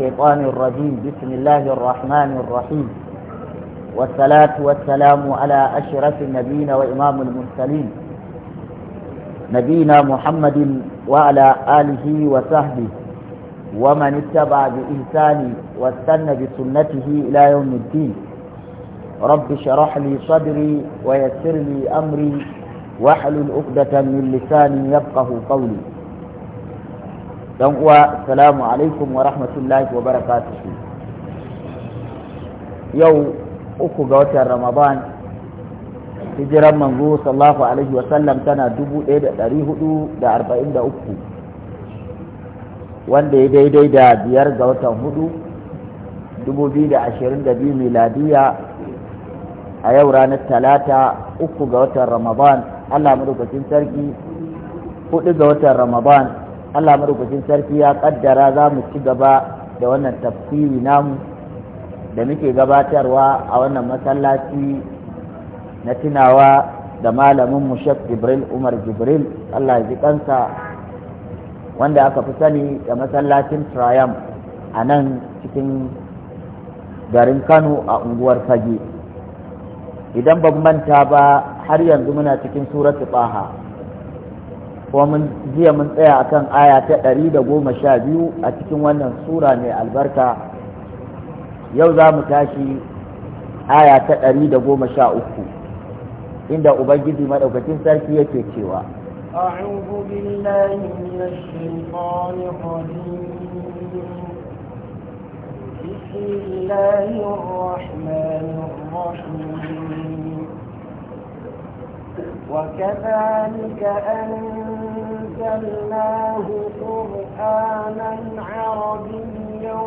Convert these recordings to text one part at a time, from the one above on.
الشيطان الرجيم بسم الله الرحمن الرحيم والصلاة والسلام على أشرف النبيين وإمام المرسلين نبينا محمد وعلى آله وصحبه ومن اتبع بإحسان واستنى بسنته إلى يوم الدين رب شرح لي صدري ويسر لي أمري واحلل عقدة من لساني يفقه قولي Don uwa salamu alaikum wa rahmatullahi wa barakatuhu yau uku ga watan ramadan hijiran manzo sallallahu alaihi wa sallam tana 1443 wanda ya daidai da biyar ga watan hudu 2022 miladiya a yau ranar talata uku ga watan ramadan allah madaukakin sarki hudu ga watan ramadan Allah marubucin sarki ya kaddara za mu ci gaba da wannan tafsiri namu da muke gabatarwa a wannan masallaci na tunawa da malamin mu Sheikh Jibril Umar Jibril Allah ya ji kansa wanda aka fi sani da masallacin Triumph a nan cikin garin Kano a unguwar Fage idan ban manta ba har yanzu muna cikin suratu Baha ko mun jiya mun tsaya akan aya ta ɗari da goma sha biyu a cikin wannan sura mai albarka yau za mu tashi aya ta ɗari da goma sha uku inda ubangiji maɗaukacin sarki yake cewa أعوذ بالله من الشيطان الرجيم بسم الله الرحمن الرحيم وكذلك أنزلناه قرآنا عربيا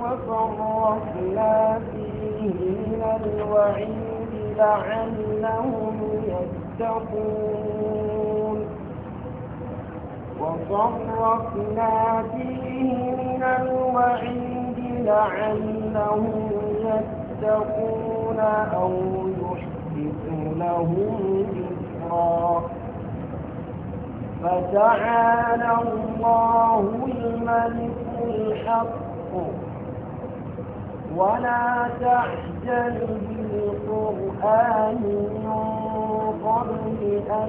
وصرفنا فيه من الوعيد لعلهم يتقون وصرفنا فيه من الوعيد لعلهم يتقون أو لهم ذكرا فتعالى الله الملك الحق ولا تعجل بالقرآن من قبل أن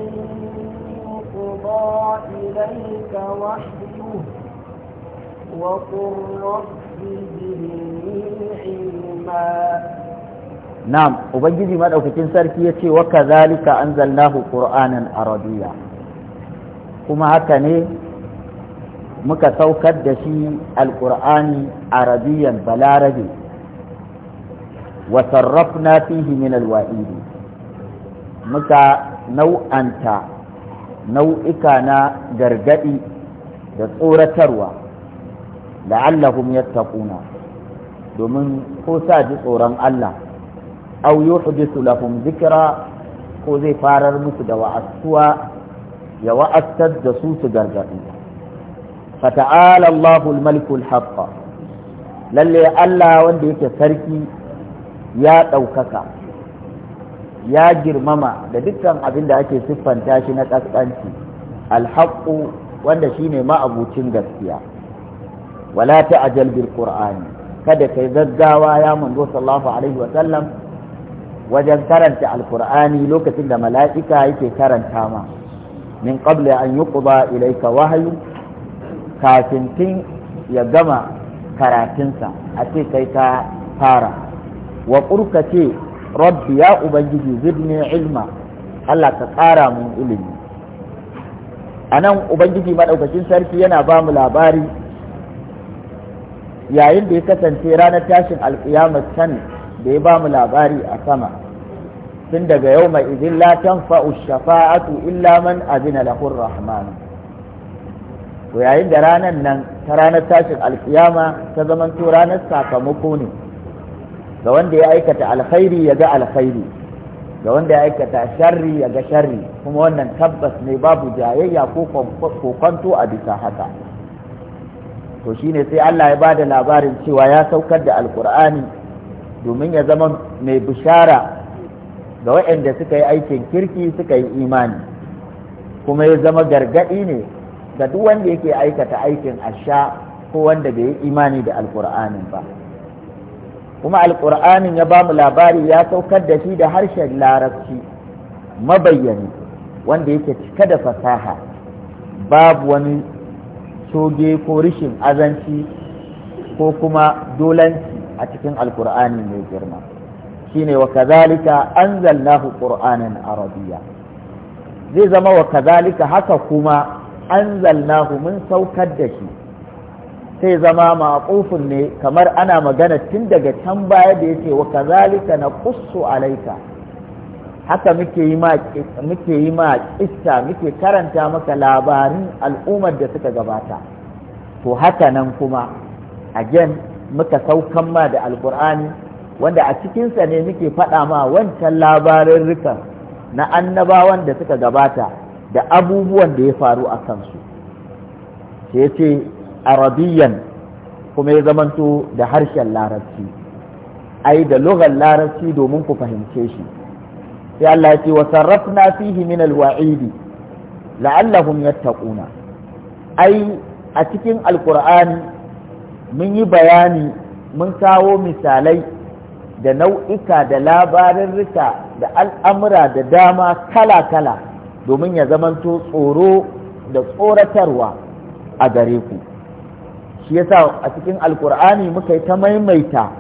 يقضى إليك وحيه وقل رب به علما na'am ubangiji madaukakin sarki ya ce wa kazalika anzalnahu qur'anan arabiyya kuma haka ne muka saukar da shi alqur'ani arabiyyan balarabe wa sarrafna fihi min alwa'idi muka nau'anta nau'ika na gargadi da tsoratarwa la'allahum yattaquna domin ko sa ji tsoron Allah aw yuhdithu lahum dhikra ko zai farar musu da wa'asuwa ya wa'astar da su su gargadi fata'ala Allahu al-maliku al lalle Allah wanda yake sarki ya ɗaukaka ya girmama da dukkan abin da ake siffanta shi na ƙasƙanci alhaɓu wanda shine ma'abucin gaskiya wala ta'jal bil qur'ani kada kai gaggawa ya manzo sallallahu alaihi wa sallam wajen karanta alkur'ani lokacin da mala'ika yake karanta ma min qabla an yuqda ilayka wahayu kafin kin ya gama karatunsa a ce kai ka fara wa kurka ce rabbi ya ubangiji zidni ilma Allah ka ƙara mun ilimi a nan ubangiji maɗaukacin sarki yana ba mu labari yayin da ya kasance ranar tashin alƙiyamar can da ya ba mu labari a sama tun daga yau mai izin la tanfa'u shafa'atu illa man azina lahu rahman to yayin da ranar nan ta ranar tashin alkiyama ta zamanto ranar sakamako ne ga wanda ya aikata alkhairi ya ga alkhairi ga wanda ya aikata sharri ya ga sharri kuma wannan tabbas ne babu jayayya ko kwanto a bisa haka to shine sai Allah ya bada labarin cewa ya saukar da alkur'ani domin ya zama mai bishara ga waɗanda suka yi aikin kirki suka yi imani kuma ya zama gargaɗi ne ga duk wanda yake aikata aikin asha ko wanda bai yi imani da alkur'anin ba kuma alkur'anin ya ba mu labari ya saukar da shi da harshen larabci mabayyani wanda yake cika da fasaha babu wani soge ko rishin azanci ko kuma dolanci a cikin alkur'ani mai girma shine wa kazalika anzalnahu qur'anan arabiya zai zama wa kazalika haka kuma anzalnahu mun saukar da shi sai zama maqufun ne kamar ana magana tun daga can baya da yace wa kazalika naqussu alaika haka muke yi ma muke yi ma kissa muke karanta maka labarin al'ummar da suka gabata to haka nan kuma again muka saukan ma da alkur'ani wanda a cikinsa ne muke faɗa ma wancan labarin rika na annabawan da suka gabata da abubuwan da ya faru a kansu sai ya ce arabiyan kuma ya zamanto da harshen larabci ai da lugar larabci domin ku fahimce shi sai Allah ya ce wa sarrafna fihi min alwa'idi la'allahum yattaquna ai a cikin alqur'ani mun yi bayani mun kawo misalai da nau'ika da labarin rika da al'amura da dama kala-kala domin ya zamanto tsoro da tsoratarwa a gare ku shi yasa a cikin alkur'ani muka yi ta maimaita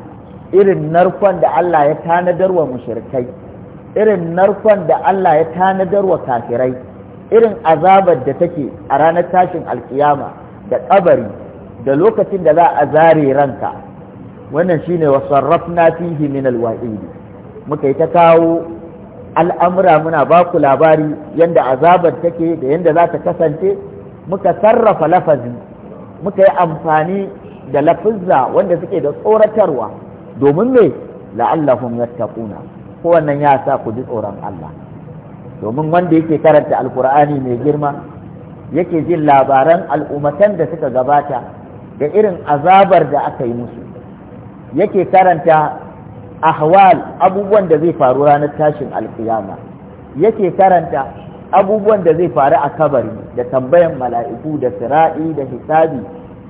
irin narkon da Allah ya tanadar wa irin narkon da Allah ya tanadar wa kafirai irin azabar da take a ranar tashin alkiyama da kabari da lokacin da za a zare ranka wannan shine wa sarrafna fihi min alwa'id muka yi ta kawo al'amura muna ba ku labari yanda azabar take da yanda za ta kasance muka sarrafa lafazi muka yi amfani da lafizza wanda suke da tsoratarwa domin me la'allahum yattaquna ko wannan ya sa ku ji tsoron Allah domin wanda yake karanta alkur'ani mai girma yake jin labaran al'ummatan da suka gabata da irin azabar da aka yi musu yake karanta ahwal abubuwan da zai faru ranar tashin alkiyama yake karanta abubuwan da zai faru a kabari da tambayan mala'iku da sira'i da hisabi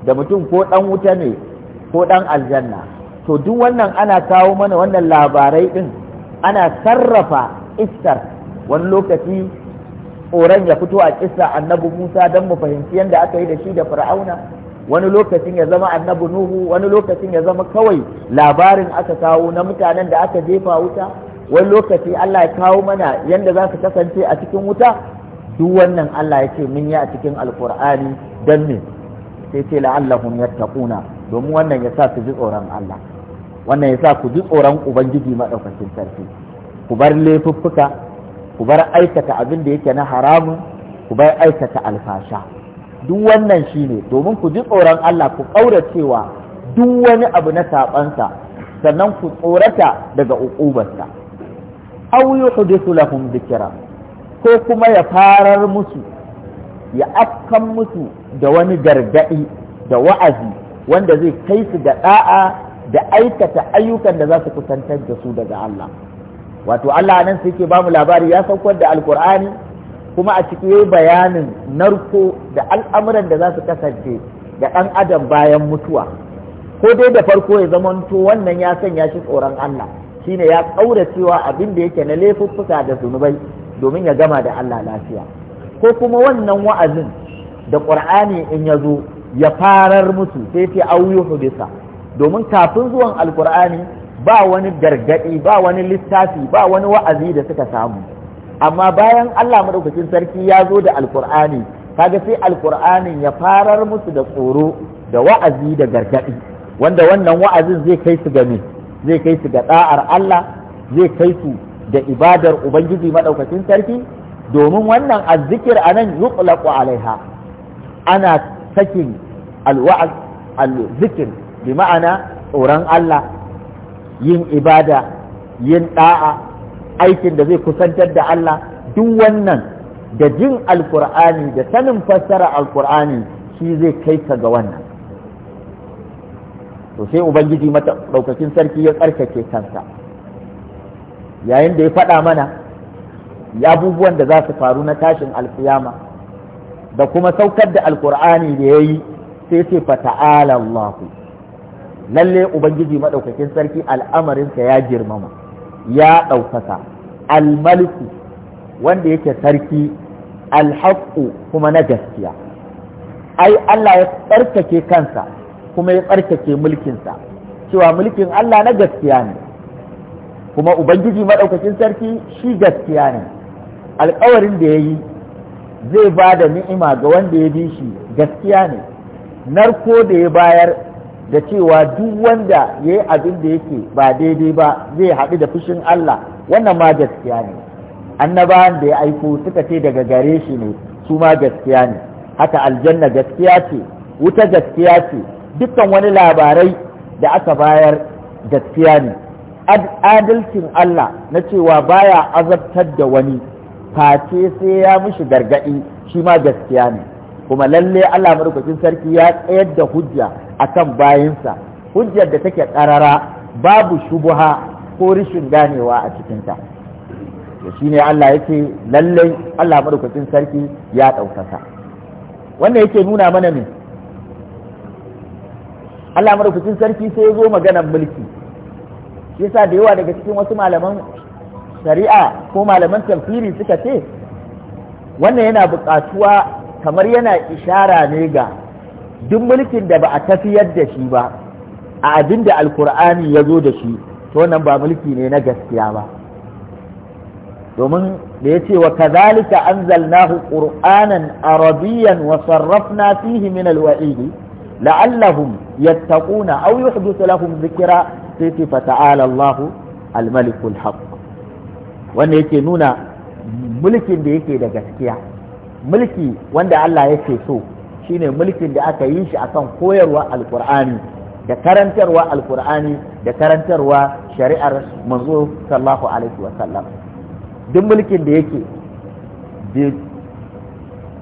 da mutum ko dan wuta ne ko dan aljanna to duk wannan ana kawo mana wannan labarai din ana sarrafa iskar wani lokaci tsoron ya fito a kissa annabi musa don mu fahimci yadda aka yi da shi da fir'auna wani lokacin ya zama annabi nuhu wani lokacin ya zama kawai labarin aka kawo na mutanen da aka jefa wuta wani lokaci Allah ya kawo mana yadda za su kasance a cikin wuta duk wannan Allah ya ce mun yi a cikin alkur'ani don me sai ce la'allahum yattaquna domin wannan ya sa su ji tsoron Allah wannan ya sa ku ji tsoron ubangiji madaukakin sarki ku bar laifuffuka ku bar aikata abin da yake na haramun ku bar aikata alfasha duk wannan shi ne domin ku ji tsoron Allah ku ƙauracewa duk wani abu na saɓansa sannan ku tsorata daga uƙubarsa aw yuhdithu lahum dhikra ko kuma ya farar musu ya afkan musu da wani gargaɗi da wa'azi wanda zai kai su da ɗa'a da aikata ayyukan da za su kusantar da su daga Allah wato Allah nan sai ke ba mu labari ya saukar da alkur'ani kuma a ciki yayi bayanin narko da al'amuran da za su kasance da ɗan adam bayan mutuwa ko dai da farko ya zamanto wannan ya sanya shi tsoron Allah shine ya cewa abin da yake na laifuffuka da zunubai domin ya gama da Allah lafiya ko kuma wannan wa'azin da ƙur'ani in ya zo ya farar musu sai fi auyuhu bisa. domin kafin zuwan alƙur'ani ba wani gargaɗi ba wani littafi ba wani wa'azi da suka samu amma bayan Allah madaukakin sarki ya zo da alkur'ani kaga sai alkur'anin ya farar musu da tsoro da wa'azi da gargadi wanda wannan wa'azin zai kai su ga game zai kai su ga da'ar Allah zai kai su da ibadar ubangiji madaukakin sarki domin wannan azzikir anan yuqlaqu alaiha ana sakin alwa'az alzikir bi ma'ana tsoron Allah yin ibada yin da'a aikin da zai kusantar da Allah duk wannan da jin alkur'ani da sanin fassara alkur'ani shi zai kai ka ga wannan to sai ubangiji mata sarki ya tsarkake kansa yayin da ya faɗa mana ya abubuwan da za su faru na tashin alkiyama da kuma saukar da alkur'ani da ya yi sai ce fata'ala Allahu lalle ubangiji maɗaukakin sarki al'amarinsa ya girmama ya ɗaukaka almalku wanda yake sarki alhaƙu kuma na gaskiya ai Allah ya tsarkake kansa kuma ya tsarkake mulkinsa cewa mulkin Allah na gaskiya ne kuma ubangiji maɗaukacin sarki shi gaskiya ne alkawarin da ya yi zai ba da ni'ima ga wanda ya bi shi gaskiya ne narko da ya bayar da cewa duk wanda ya yi abin da yake ba daidai ba zai haɗu da fushin Allah wannan ma gaskiya ne annabawan da ya aiko suka ce daga gare shi ne su ma gaskiya ne haka aljanna gaskiya ce wuta gaskiya ce dukkan wani labarai da aka bayar gaskiya ne adalcin Allah na cewa baya azabtar da wani face sai ya mishi gargaɗi shi ma gaskiya ne kuma lalle Allah madaukakin sarki ya tsayar da hujja akan bayinsa hujjar da take karara babu shubuha ko rishin ganewa a cikinta to shine Allah yake lalle Allah madaukakin sarki ya daukaka wannan yake nuna mana ne Allah madaukakin sarki sai ya zo maganar mulki shi yasa da yawa daga cikin wasu malaman shari'a ko malaman tafsiri suka ce wannan yana buƙatuwa kamar yana ishara ne ga duk mulkin da ba a tafiyar da shi ba a abin da alkur'ani ya zo da shi to nan ba mulki ne na gaskiya ba domin da ya ce wa kazalika anzalnahu qur'anan arabiyan wa sarrafna fihi min alwa'idi la'allahum yattaquna aw yuhdithu lahum dhikra sai ce fa ta'ala Allahu al-malikul haqq wanda yake nuna mulkin da yake da gaskiya mulki wanda Allah yake so shine mulkin da aka yi shi akan koyarwa alkur'ani da karantarwa alkur'ani da karantarwa shari'ar manzo sallallahu alaihi wa sallam duk mulkin da yake bai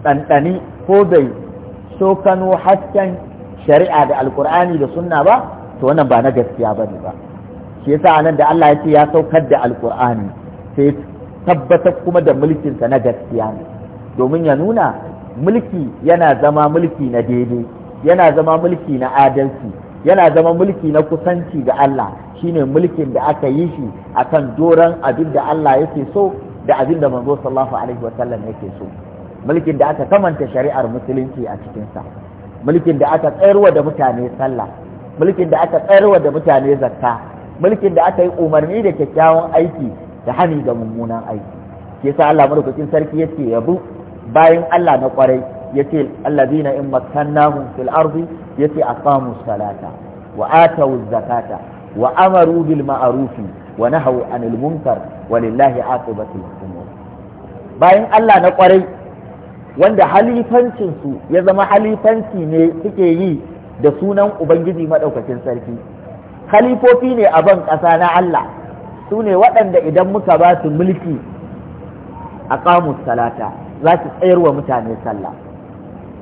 ɗanɗani ko bai so kano hasken shari'a da Alƙur'ani da sunna ba to wannan ba na gaskiya ba ne ba shi yasa nan da Allah ya ce ya saukar da alkur'ani sai tabbatar kuma da mulkinsa na gaskiya ne domin ya nuna mulki yana zama mulki na daidai yana zama mulki na adalci yana zama mulki na kusanci ga Allah shine mulkin da aka yi shi akan doron abin da Allah yake so da abin da manzo sallallahu alaihi wasallam yake so mulkin da aka kamanta shari'ar musulunci a cikinsa mulkin da aka tsayarwa da mutane sallah mulkin da aka tsayarwa da mutane zakka mulkin da aka yi umarni da kyakkyawan aiki da hani da mummunan aiki ke sa Allah madaukakin sarki yace yabu bayan Allah na kwarai yace allazina in makkannahum fil ardi yace aqamu salata wa atawu zakata wa amaru bil ma'rufi wa nahawu anil munkar walillahi aqibatul umur bayan Allah na kwarai wanda halifancin su ya zama halifanci ne suke yi da sunan ubangiji madaukakin sarki halifofi ne a ban ƙasa na Allah su ne waɗanda idan muka ba su mulki a salata za su tsayar wa mutane sallah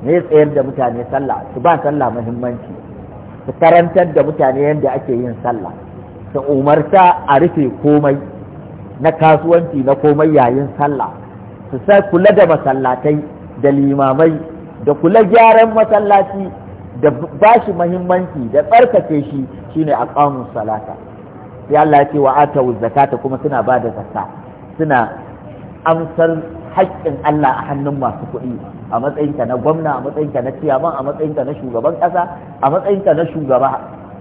ne tsayar da mutane sallah su ba sallah muhimmanci su karantar da mutane yadda ake yin sallah su umarta a rufe komai na kasuwanci na komai yayin sallah su sai kula da masallatai da limamai da kula gyaran masallaci da ba shi muhimmanci da tsarkake shi shine a salata sai Allah ya ce wa atau zakata kuma suna ba da zakka suna amsar haƙƙin Allah a hannun masu kuɗi a matsayinka na gwamna a matsayinka na ciyaman a matsayinka na shugaban ƙasa a matsayinka na shugaba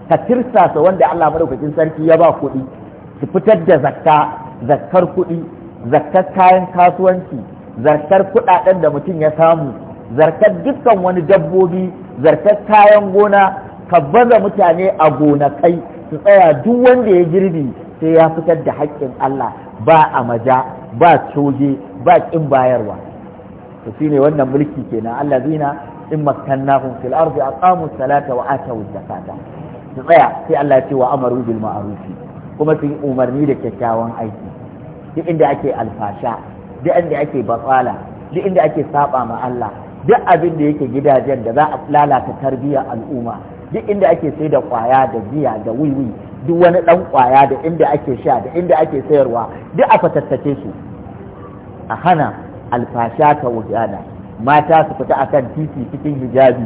ka tirsasa wanda Allah madaukakin sarki ya ba kuɗi su fitar da zakka zakkar kuɗi zakkar kayan kasuwanci zarkar kuɗaɗen da mutum ya samu zarkar dukkan wani dabbobi zarkar kayan gona ka baza mutane a gonakai su tsaya duk wanda ya girbi sai ya fitar da haƙƙin Allah ba a maja ba coge ba kin bayarwa to shine wannan mulki kenan allazina in makkannahum fil ardi aqamu salata wa atu zakata su tsaya sai Allah ya ce wa amaru bil ma'rufi kuma sun yi umarni da kyakkyawan aiki duk inda ake alfasha duk inda ake batsala duk inda ake saba ma Allah duk abin da yake gidajen da za a lalata tarbiyya al'umma duk inda ake sai da kwaya da biya da wiwi duk wani dan kwaya da inda ake sha da inda ake sayarwa duk a fatattake su a hana alfasha ta wujana mata su fita a kan titi cikin hijabi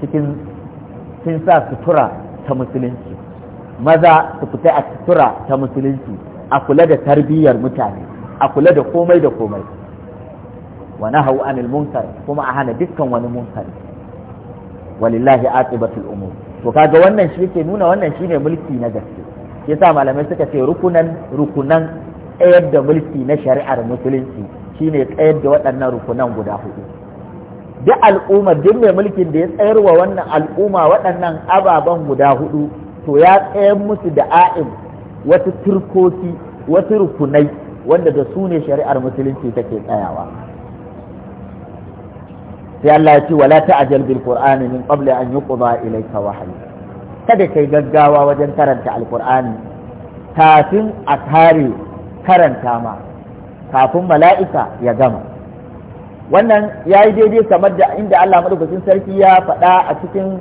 cikin sun sa sutura ta musulunci maza su fita a sutura ta musulunci a kula da tarbiyyar mutane a kula da komai da komai wa nahawu anil munkar kuma a hana dukkan wani munkar walillahi aqibatul umur to kaga wannan shi yake nuna wannan shine mulki na gaske yasa malamai suka ce rukunan rukunan tsayar da mulki na shari'ar musulunci ne tsayar da waɗannan rukunan guda hudu duk al'umma duk mai mulkin da ya tsayar wa wannan al'umma waɗannan ababen guda hudu to ya tsayar musu da a'in wasu turkoki wasu rukunai wanda da su ne shari'ar musulunci take tsayawa sai Allah ya ce wala ta'jal bil qur'ani min qabli an yuqda ilayka wahyi kada kai gaggawa wajen karanta alqur'ani kafin a kare karanta ma kafin mala'ika ya gama wannan ya yi daidai kamar da inda Allah madaukakin sarki ya faɗa a cikin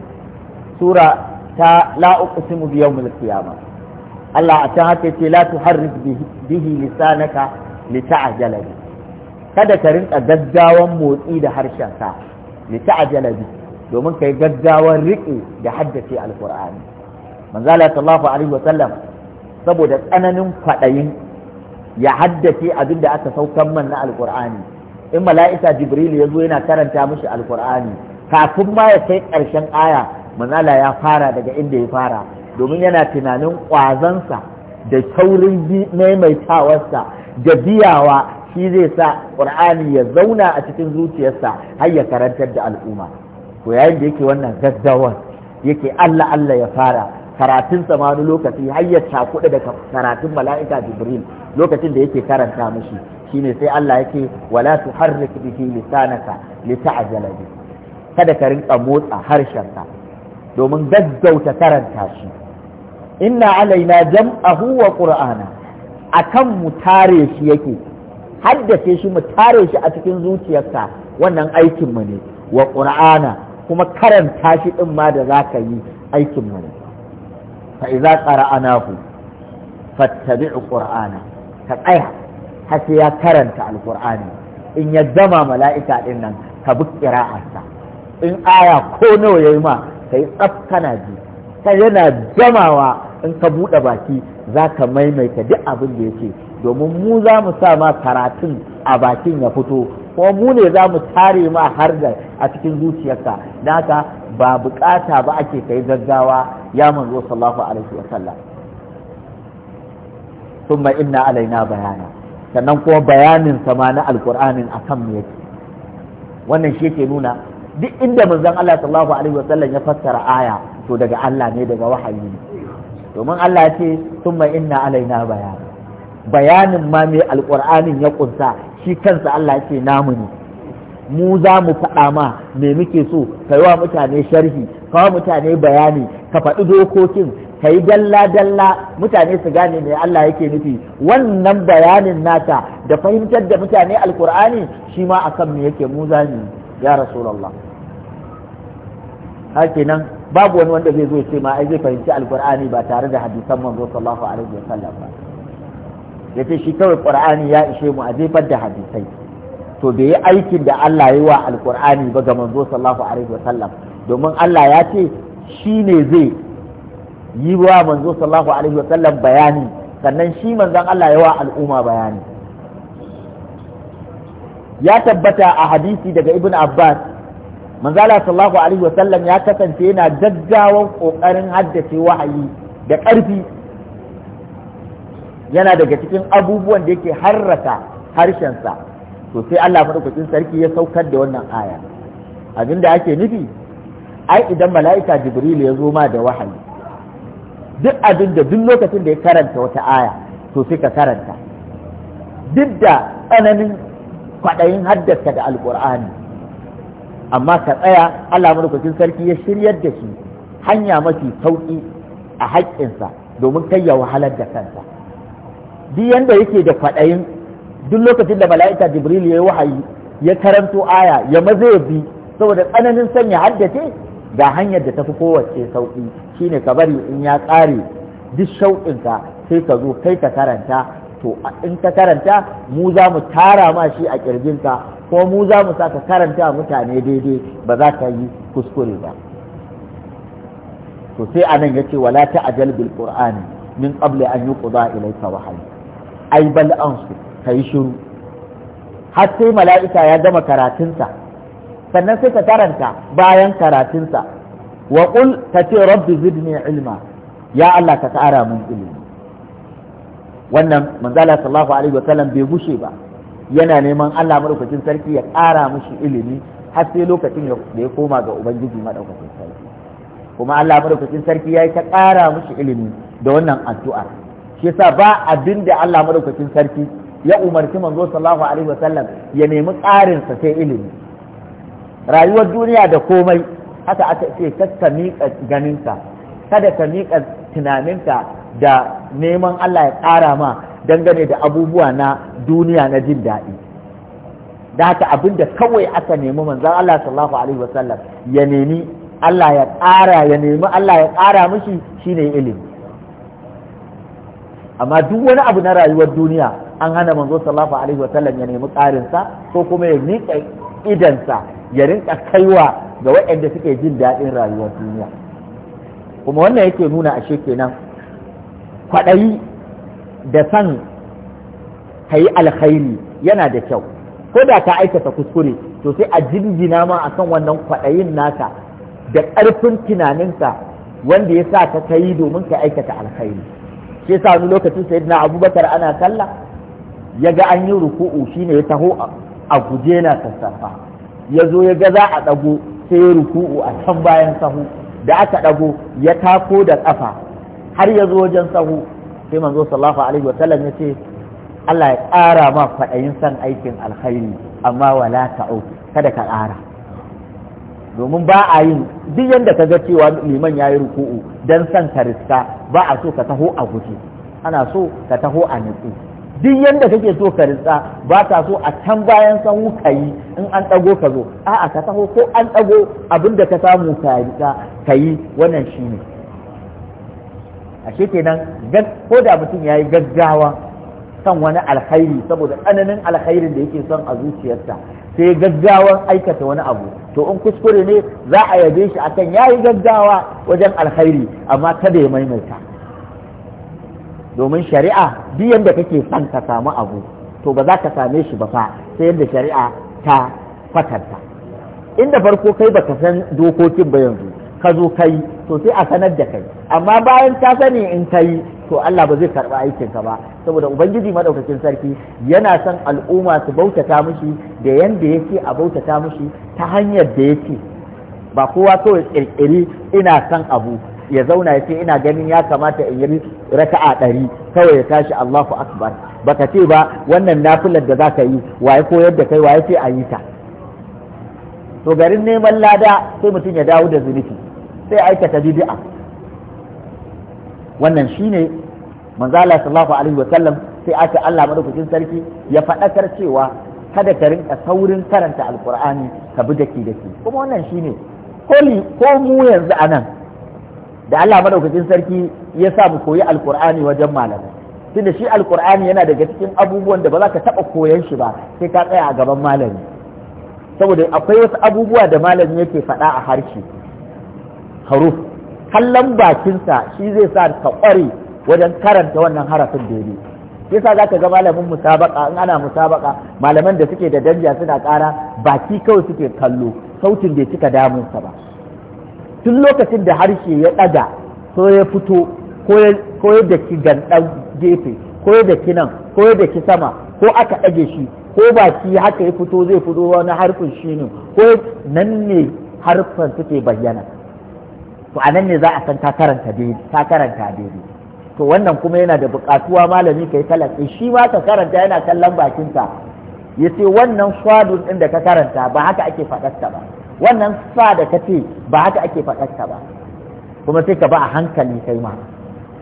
sura ta la uqsimu bi yawmil qiyamah Allah a can haka ce la tuharrik bihi lisanaka lita'jala bi kada ka rinka gaggawan motsi da harshen ka lita'jala bi domin kai gaggawan riƙe da haddace alqur'ani manzo sallallahu alaihi wa sallam saboda tsananin kwaɗayin ya haddace abin da aka saukan man na alkur'ani in mala'ika jibril ya zo yana karanta mishi alkur'ani kafin ma ya kai ƙarshen aya manala ya fara daga inda ya fara domin yana tunanin ƙwazonsa da saurin maimaitawarsa da biyawa shi zai sa ƙur'ani ya zauna a cikin zuciyarsa har ya karantar da al'umma to yayin da yake wannan gaggawar yake allah allah ya fara karatun samanu lokaci har ya cakuɗa da karatun mala'ika jibril lokacin da yake karanta mishi shine sai Allah yake wala tuharrik bihi lisanaka lita'jala bi kada ka rinka motsa harshen ka domin gaggauta karanta shi inna alaina jam'ahu wa qur'ana akan mu tare shi yake haddace shi mu tare shi a cikin zuciyarka wannan aikin mu ne wa qur'ana kuma karanta shi ɗin ma da za ka yi aikin mu ne fa idza qara'anahu fattabi'u qur'ana ka tsaya har sai ya karanta alqur'ani in ya mala'ika din nan ka bi qira'arsa in aya ko nawa yayi ma kai tsafkana ji sai yana jamawa in ka buɗe baki za ka maimaita duk abin da yake domin mu za mu sa ma karatun a bakin ya fito ko mu ne za mu tare ma har da a cikin zuciyarka da haka ba bukata ba ake kai gaggawa ya manzo sallallahu alaihi wa sallam thumma inna alaina bayana sannan kuma bayanin sama na alqur'anin akan me yake wannan shi yake nuna duk inda manzon Allah sallallahu alaihi wa sallam ya fassara aya to daga Allah ne daga wahayi ne domin Allah ya ce thumma inna alaina bayana bayanin ma me alqur'anin ya kunsa shi kansa Allah ya ce namu ne mu za mu faɗa ma me muke so ka yi wa mutane sharhi ka wa mutane bayani ka faɗi dokokin ka yi dalla-dalla mutane su gane me Allah yake nufi wannan bayanin nata da fahimtar da mutane alkur'ani shi ma a kan me yake mu za mu ya rasulallah har nan babu wani wanda zai zo ce ma ai zai fahimci alkur'ani ba tare da hadisan manzo sallallahu alaihi wasallam ba yace shi kawai qur'ani ya ishe mu a jefar da hadisai to bai yi aikin da Allah yi wa alkur'ani ba ga manzo sallallahu alaihi wa sallam domin Allah ya ce shi ne zai yi wa manzo sallallahu alaihi wa sallam bayani sannan shi manzon Allah ya wa al'umma bayani ya tabbata a hadisi daga ibn Abbas Manzo sallallahu alaihi wa sallam ya kasance yana gaggawan kokarin haddace wahayi da ƙarfi yana daga cikin abubuwan da yake harshen harshensa to sai Allah madaukakin sarki ya saukar da wannan aya abin da ake nufi ai idan mala'ika jibril ya zo ma da wahayi duk abin da duk lokacin da ya karanta wata aya to sai ka karanta duk da tsananin kwaɗayin haddasa da alƙur'ani amma ka tsaya Allah madaukakin sarki ya shiryar da shi hanya mafi sauƙi a haƙƙinsa domin kai ya wahalar da kansa duk yanda yake da kwaɗayin duk lokacin da mala'ika jibril ya yi wahayi ya karanto aya ya maza ya bi saboda tsananin sanya haddace ga hanyar da tafi kowace sauƙi shine ka bari in ya ƙare duk shauƙinka sai ka zo kai ka karanta to in ka karanta mu za mu tara ma shi a ƙirjinka, ko mu za mu sa ka karanta mutane daidai ba za ka yi kuskure ba to sai anan yace wala ta'jal bil qur'ani min qabli an yuqda ilayka wahyi ay bal ansu ka yi shiru har sai mala'ika ya gama karatunsa sannan sai ka karanta bayan karatunsa wa qul ka ce rabbi zidni ilma ya Allah ka ƙara mun ilimi wannan manzala sallallahu alaihi wa sallam bai gushe ba yana neman Allah madaukakin sarki ya ƙara mishi ilimi har sai lokacin da ya koma ga ubangiji madaukakin sarki kuma Allah madaukakin sarki ya yi ta ƙara mishi ilimi da wannan addu'ar shi yasa ba abin da Allah madaukakin sarki ya umarci manzo sallallahu alaihi wasallam ya nemi tsarin sa sai ilimi rayuwar duniya da komai haka aka ce ka miƙa ganinka kada ka miƙa tunaninka da neman Allah ya ƙara ma dangane da abubuwa na duniya na jin daɗi da haka abin da kawai aka nemi manzon Allah sallallahu alaihi wasallam ya nemi Allah ya ƙara ya nemi Allah ya ƙara mishi shine ilimi amma duk wani abu na rayuwar duniya an hana manzo sallallahu alaihi wa sallam ya nemi ƙarin sa ko kuma ya idan sa ya rinka kaiwa ga waɗanda suke jin daɗin rayuwar duniya kuma wannan yake nuna ashe kenan kwaɗayi da san ka yi alkhairi yana da kyau ko da ka aikata kuskure to sai a jinjina ma akan wannan kwaɗayin naka da ƙarfin tunaninka wanda ya sa ka kai domin ka aikata alkhairi shi sa wani lokaci sayyidina abubakar ana sallah ya ga an yi ruku'u shine ya taho a guje na sassafa ya zo ya ga za a ɗago sai ya ruku'u a can bayan sahu da aka ɗago ya tako da ƙafa har ya zo wajen sahu sai manzo sallallahu alaihi wasallam ya ce Allah ya ƙara ma faɗayin san aikin alkhairi amma wala ta'u kada ka ƙara domin ba a yin duk yadda ka ga cewa liman ya yi ruku'u don san ka riska ba a so ka taho a guje ana so ka taho a nutsu duk yadda kake so ka ritsa ba ta so a can bayan sanwu ka yi in an ɗago ka zo a'a ka taho ko an ɗago abin da ka samu ka ritsa ka yi wannan shi ne a ashe kenan ko da mutum ya yi gaggawa kan wani alkhairi saboda tsananin alkhairin da yake son a zuciyarsa sai gaggawan aikata wani abu to in kuskure ne za a yabe shi akan ya yi gaggawa wajen alkhairi amma kada ya maimaita domin shari'a biyan da kake son ka samu abu to ba za ka same shi ba fa sai yadda shari'a ta kwatanta inda farko kai ka san dokokin ba yanzu ka zo kai to sai a sanar da kai amma bayan ta sani in kai to Allah ba zai karba aikin ka ba saboda ubangiji madaukakin sarki yana son al'umma su bautata mishi da yanda yake a bautata mishi ta hanyar da yake ba kowa kawai kirkiri ina son abu ya zauna ya ce ina ganin ya kamata in yi raka'a ɗari kawai ya tashi Allahu akbar baka ce ba wannan nafilar da zaka yi waye koyar da kai waye ce a yi ta to garin neman lada sai mutum ya dawo da zunubi sai aikata bid'a wannan shine manzo Allah sallallahu alaihi wasallam sai aka Allah madaukakin sarki ya faɗakar cewa kada ka rinka saurin karanta alqur'ani ka bi dake dake kuma wannan shine ko mu yanzu anan da Allah madaukakin sarki ya sa mu koyi alkur'ani wajen malamai tunda shi alkur'ani yana daga cikin abubuwan da ba za ka taba koyan shi ba sai ka tsaya a gaban malami saboda akwai wasu abubuwa da malami yake faɗa a harshe haruf kallon bakinsa shi zai sa ka ƙware wajen karanta wannan harafin daidai yasa za ka ga malamin musabaka in ana musabaka malaman da suke da danja suna ƙara baki kawai suke kallo sautin bai cika damunsa ba tun lokacin da harshe ya ɗaga so ya fito ko ya daki gandan gefe ko ya daki nan ko ya daki sama ko aka ɗage shi ko baki haka ya fito zai fito wani harfin shi ne ko nan ne harfin suke bayyana to a nan ne za a san ta karanta daidai to wannan kuma yana da buƙatuwa malami ka yi talaƙi shi ma ka karanta yana kallon bakinsa ya ce wannan swadun ɗin da ka karanta ba haka ake faɗasta ba wannan sa da ka ce ba haka ake faɗarta ba kuma sai ka ba a hankali kai ma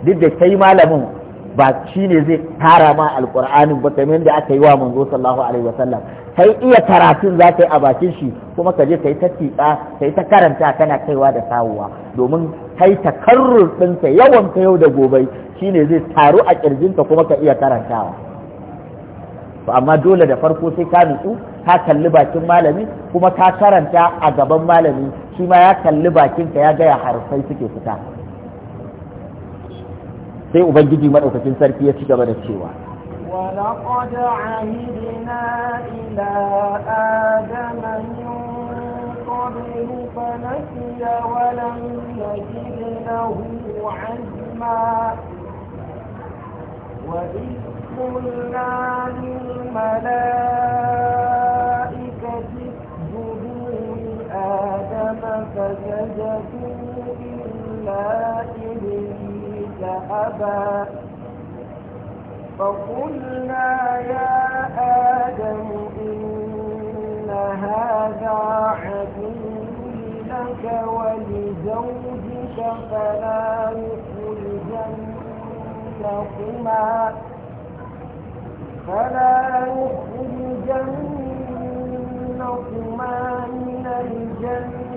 duk da kai malamin ba shi ne zai tara ma alƙur'anin ba kamar da aka yi wa manzo sallallahu alaihi wasallam kai iya karatun za ka yi a bakin shi kuma ka je ka yi ta tiƙa ka yi ta karanta kana kaiwa da sawuwa domin kai karrur ɗinka yawan ka yau da gobe shine zai taru a ƙirjinka kuma ka iya karantawa amma dole da farko sai ka nutsu ka kalli bakin malami kuma ka karanta a gaban malami shi ma ya kalli bakinka ya gaya harfai suke fita sai ubangiji maɗaukakin sarki ya ci gaba da cewa ولقد عهدنا إلى آدم من قبل فنسي ولم له عزما وإذ قلنا للملائكة آدم فسجدوا إلا إبليس أبى فقلنا يا آدم إن هذا عدو لك ولزوجك فلا يخرجنكما فلا يخرجنكما من الجنة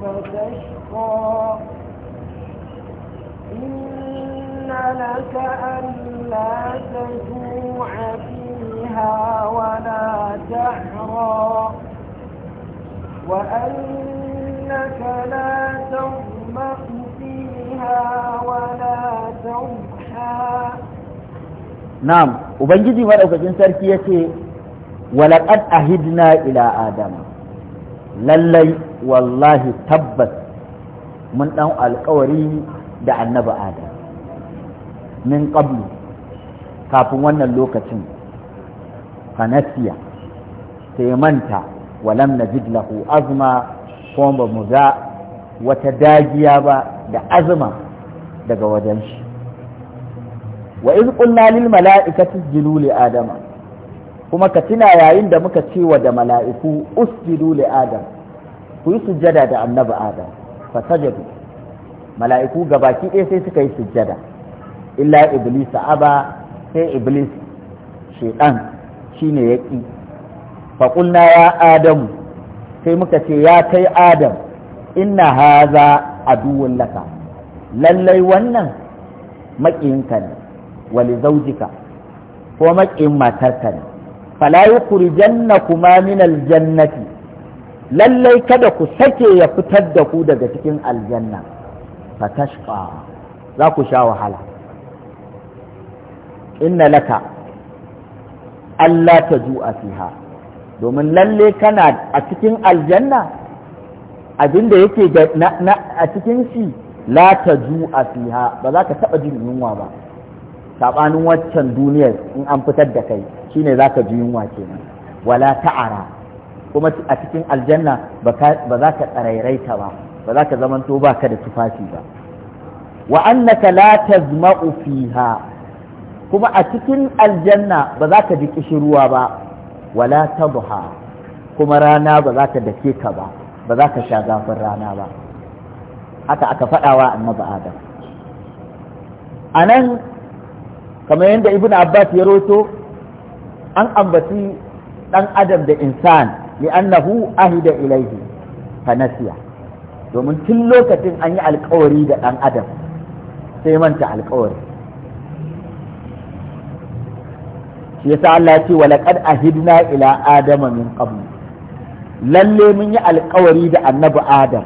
فتشقى إن لك ألا تجوع فيها ولا وأنك لا تظمأ فيها ولا تضحى na'am ubangiji madaukakin sarki yace walaqad ahidna ila adama lallai wallahi tabbas mun ɗan alkawari da annabi adam min ƙablu kafin wannan lokacin fanasiya sai manta walam najid lahu azma ko ba mu ga wata dagiya ba da azma daga wajen shi wa iz qulna lil mala'ikati isjudu li adama kuma ka tuna yayin da muka ce wa da mala'iku usjudu li adam ku yi sujjada da annabi adam fa sajadu mala'iku gabaki ɗaya sai suka yi sujjada illa iblis aba sai iblis shaitan shine ya ƙi fa ya adamu sai muka ce ya kai adam inna haza aduwwun laka lallai wannan maƙiyinka ne wali zaujika ko maƙiyin matarka ne fala yukhrijanna min aljannati lallai kada ku sake ya fitar da ku daga cikin aljanna fatashqa za ku sha wahala inna laka Allah ta ju'a fiha domin lalle kana a cikin aljanna da yake a cikin shi la ta ju'a fiha ba za ka taɓa jin yunwa ba saɓanin waccan duniyar in an fitar da kai shine za ka ji yunwa kenan wala ta'ara kuma a cikin aljanna ba za ka tsarairaita ba ba za ka zamanto ba ka da tufafi ba wa annaka la tazma'u fiha kuma a cikin aljanna ba za ka ji kishirwa ba wala tabha kuma rana ba za ka dake ka ba ba za ka sha zafin rana ba haka aka faɗawa annabi adam a nan kamar yadda ibn abbas ya roto an ambaci ɗan adam da insan لأنه ahida إليه fanasiya domin tun lokacin an yi alkawari da ɗan adam sai manta alkawari shi yasa Allah ya ce walaqad ila adama lalle mun yi alkawari da annabi adam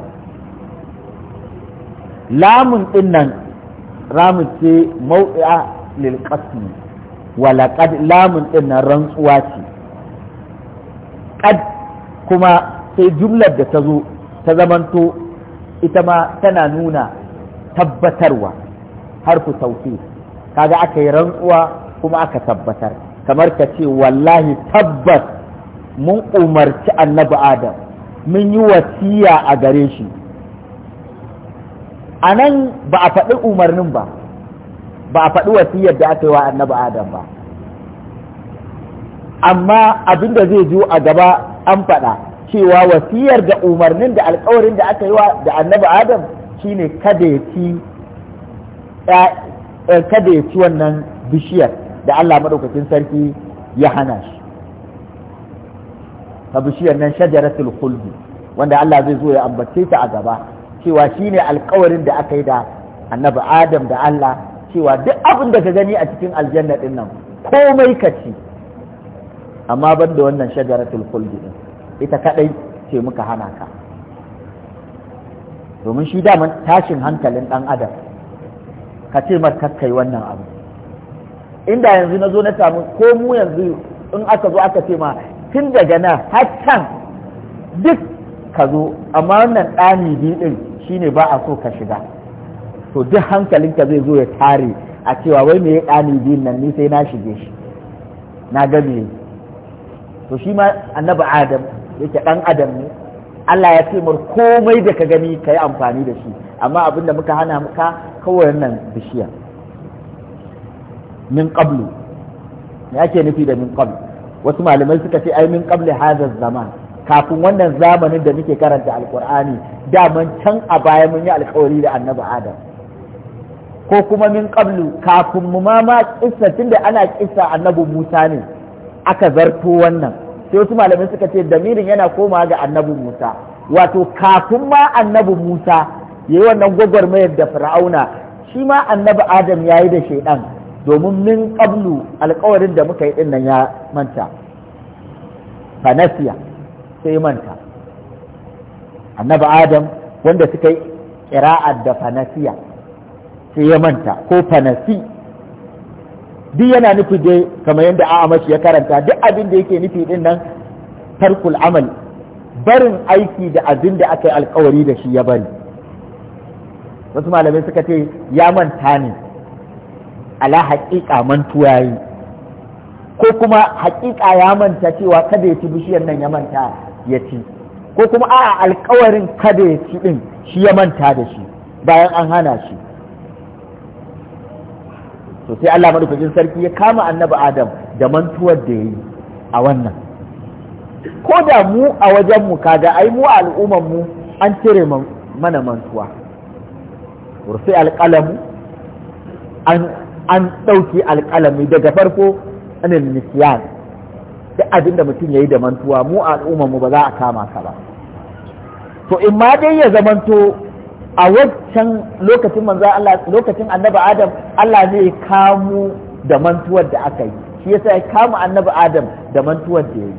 lamun din nan ramu ce mawdi'a lil qasmi walaqad lamun din nan rantsuwa ce qad kuma sai jumlar da ta zo ta zamanto ita ma tana nuna tabbatarwa har ku sauke kaga aka yi rantsuwa kuma aka tabbatar kamar ka ce wallahi tabbas mun umarci annabi adam mun yi wasiya a gare shi a nan ba a faɗi umarnin ba ba a faɗi wasiyar da aka yi wa annabi adam ba amma abinda zai zo a gaba an faɗa cewa wasiyar da umarnin da alkawarin da aka yi wa da annabi adam shine kada ya ci eh, wannan bishiyar da Allah maɗaukacin sarki ya hana shi ta bishiyar nan shajaratul khuldi wanda Allah zai zo ya ambace ta a gaba cewa shine alkawarin da aka yi da annabi adam da Allah cewa duk abin da ka gani a cikin aljanna ɗin nan komai ka ci amma ban da wannan shajaratul khuldi din ita kadai ce muka hana ka domin shi daman tashin hankalin dan adam ka ce mar kakkai wannan abu inda yanzu na zo na samu ko mu yanzu in aka zo aka ce ma tun daga nan har can duk ka zo amma wannan ɗani biyu ɗin shine ba a so ka shiga to duk hankalinka zai zo ya tare a cewa wai me ya ɗani biyun nan ni sai na shige shi na ga to shi ma annabi adam yake dan adam ne Allah ya ce mar komai da ka gani ka yi amfani da shi amma abin da muka hana muka kawai nan bishiya min qablu me ake nufi da min qablu wasu malamai suka ce ai min qabli hadha zaman kafin wannan zamanin da muke karanta alqur'ani daman can a baya mun yi alkawari da annabi adam ko kuma min qablu kafin mu ma ma kissa tunda ana kissa annabi Musa ne aka zarto wannan sai wasu malamai suka ce damirin yana komawa ga annabi Musa wato kafin ma annabi Musa ya yayi wannan gwagwarmayar da Fir'auna shi ma annabi Adam ya yi da shaidan domin min ƙablu alƙawarin da muka yi din nan ya manta fanasiya sai manta annabi Adam wanda suka yi ƙira'ar da fanasiya sai ya manta ko fanasi duk yana nufi dai kamar yadda amashi ya karanta duk abin da yake nufi din nan tarkul amal barin aiki da abin da aka yi alkawari da shi ya bari wasu malamai suka ce ya manta ne ala haƙiƙa mantuwa yi ko kuma haƙiƙa ya manta cewa kada ya ci bishiyar nan ya manta ya ci ko kuma a'a alkawarin kada ya ci din shi ya manta da shi bayan an hana shi to sai Allah madaukakin sarki ya kama annabi Adam da mantuwar da yayi a wannan ko da mu a wajen mu kaga ai mu al'umman mu an cire mana mantuwa rufi alƙalamu an an ɗauki alƙalami daga farko anil nisyan duk abin da mutum yayi da mantuwa mu al'umman mu ba za a kama ka ba to in ma dai ya zamanto a waccan lokacin manzo Allah lokacin annabi Adam Allah zai kamu da mantuwar da aka yi shi yasa ya kama annabi Adam da mantuwar da yayi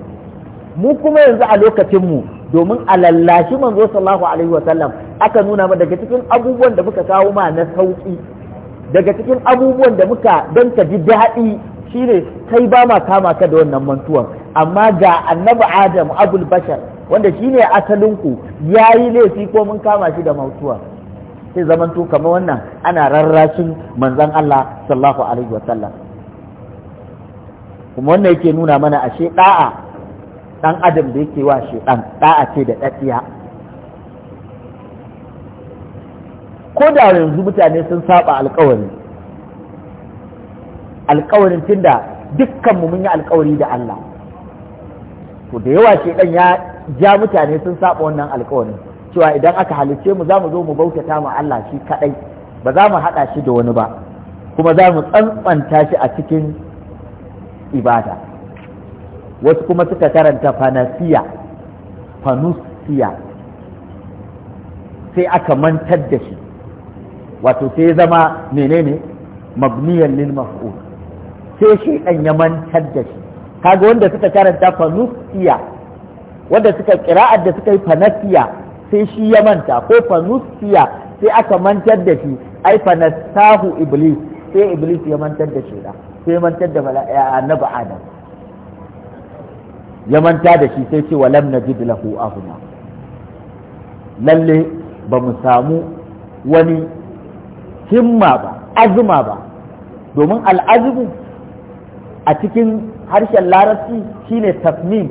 mu kuma yanzu a lokacin mu domin a manzo sallallahu alaihi wasallam aka nuna mu daga cikin abubuwan da muka kawo ma na sauki daga cikin abubuwan da muka don ka ji daɗi shine kai ba ma kama ka da wannan mantuwar. amma ga annabi Adam abul bashar wanda shine asalinku yayi laifi ko mun kama shi da mantuwar. sai zamanto kamar wannan ana rarrashin manzan Allah sallallahu alaihi wasallam kuma wannan yake nuna mana ashe da'a dan adam da yake wa shedan da'a ce da daddiya ko da yanzu mutane sun saba alkawari alkawarin tunda dukkan mu mun yi alkawari da Allah to da yawa shedan ya ja mutane sun saba wannan alkawarin cewa idan aka halicce mu za mu zo mu bautata mu Allah shi kadai ba za mu haɗa shi da wani ba kuma za mu tsantsanta shi a cikin ibada wasu kuma suka karanta fanasiya fanusiya sai aka mantar da shi wato sai ya zama menene mabniyan lil maf'ul sai shi dan ya mantar da shi kaga wanda suka karanta fanusiya wanda suka kira'ar da suka yi fanasiya sai shi ya manta ko fanusiya sai aka mantar da shi ai fanastahu iblis sai iblis ya mantar da shi da sai mantar da annabi adam ya manta da shi sai ce wa lam najid lahu ahuna lalle ba mu samu wani himma ba azuma ba domin al'azumu a cikin harshen larabci shine tafmin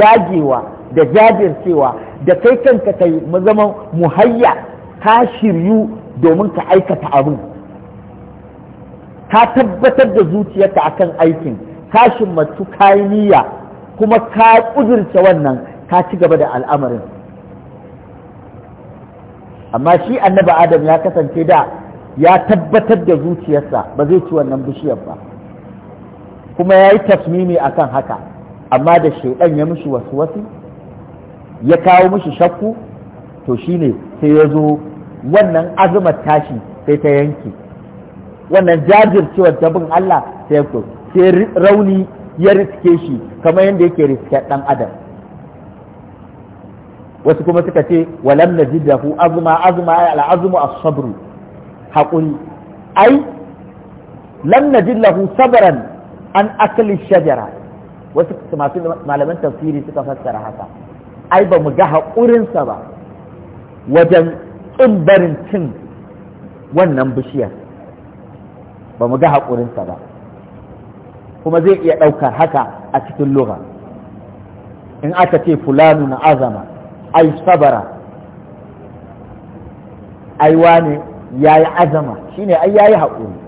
dagewa da jajircewa da kai kanka kai mu zama muhayya ka shiryu domin ka aikata abin ka tabbatar da zuciyarka akan aikin ka shimmatu ka yi niyya kuma ka ƙudurce wannan ka ci gaba da al'amarin amma shi annaba adam ya kasance da ya tabbatar da zuciyarsa ba zai ci wannan bishiyar ba kuma ya yi tasmimi akan haka amma da shaidan ya mushi wasu wasu ya kawo mishi shakku to shine sai ya zo wannan azumar tashi sai ta yanke wannan jajircewar ta bin Allah sai ya sai rauni ya riske shi kamar yadda yake riske dan adam wasu kuma suka ce walam najidahu azma azuma al azmu haƙuri ai lam najid lahu an akali shajara wasu masu malaman tafsiri suka fassara haka ai ba mu ga haƙurinsa ba wajen barin cin wannan bishiyar ba mu ga haƙurinsa ba kuma zai iya ɗaukar haka a cikin lura in aka ce fulanu na azama ai sabara ai wane ya yi azama shi ne ai ya yi haƙuri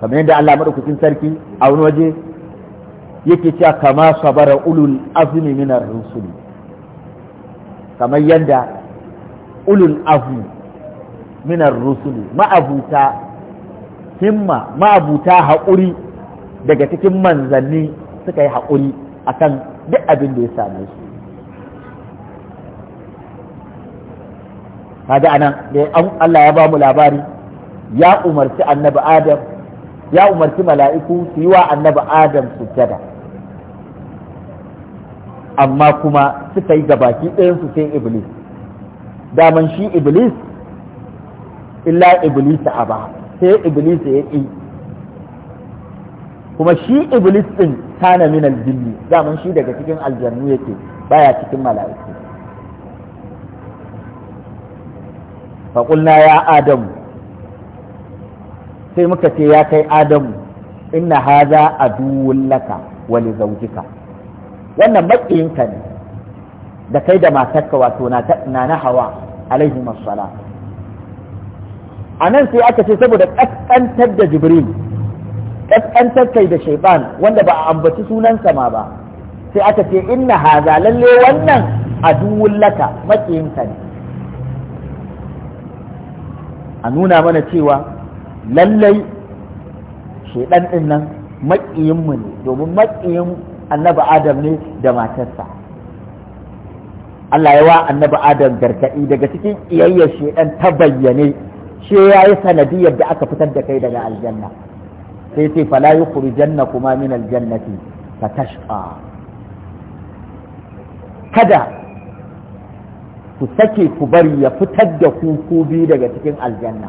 kamar yadda Allah maɗaukakin sarki a wani waje yake cewa kama sabara ulul azmi minar rusul kamar yadda ulul azmi minar rusul ma'abuta himma ma'abuta haƙuri daga cikin manzanni suka yi haƙuri akan duk abin da ya same su kaga anan da Allah ya ba mu labari ya umarci annabi Adam ya umarci mala'iku su yi wa annabi Adam sujada amma kuma suka yi gabaki ɗayansu sai iblis daman shi iblis illa iblis a ba sai iblis ya yi kuma shi iblis ɗin kana min aljinni daman shi daga cikin aljannu yake baya cikin mala'iku faƙulna ya adamu sai muka ce ya kai adamu inna haza aduwwun laka wa li zawjika wannan matsayinka ne da kai da matarka wato na na hawa alaihi masala a nan sai aka ce saboda ƙasƙantar da jibril ƙasƙantar kai da shaiban wanda ba a ambaci sunansa ma ba sai aka ce inna haza lalle wannan a laka matsayinka ne a nuna mana cewa lallai shaiɗan ɗin nan maƙiyinmu ne domin maƙiyin annabi adam ne da matarsa Allah ya wa annabi adam gargaɗi daga cikin iyayyar ɗan ta bayyane shi ya yi sanadiyar da aka fitar da kai daga aljanna sai sai fala yi janna kuma min aljannati ta tashqa kada ku sake ku bari ya fitar da ku ku biyu daga cikin aljanna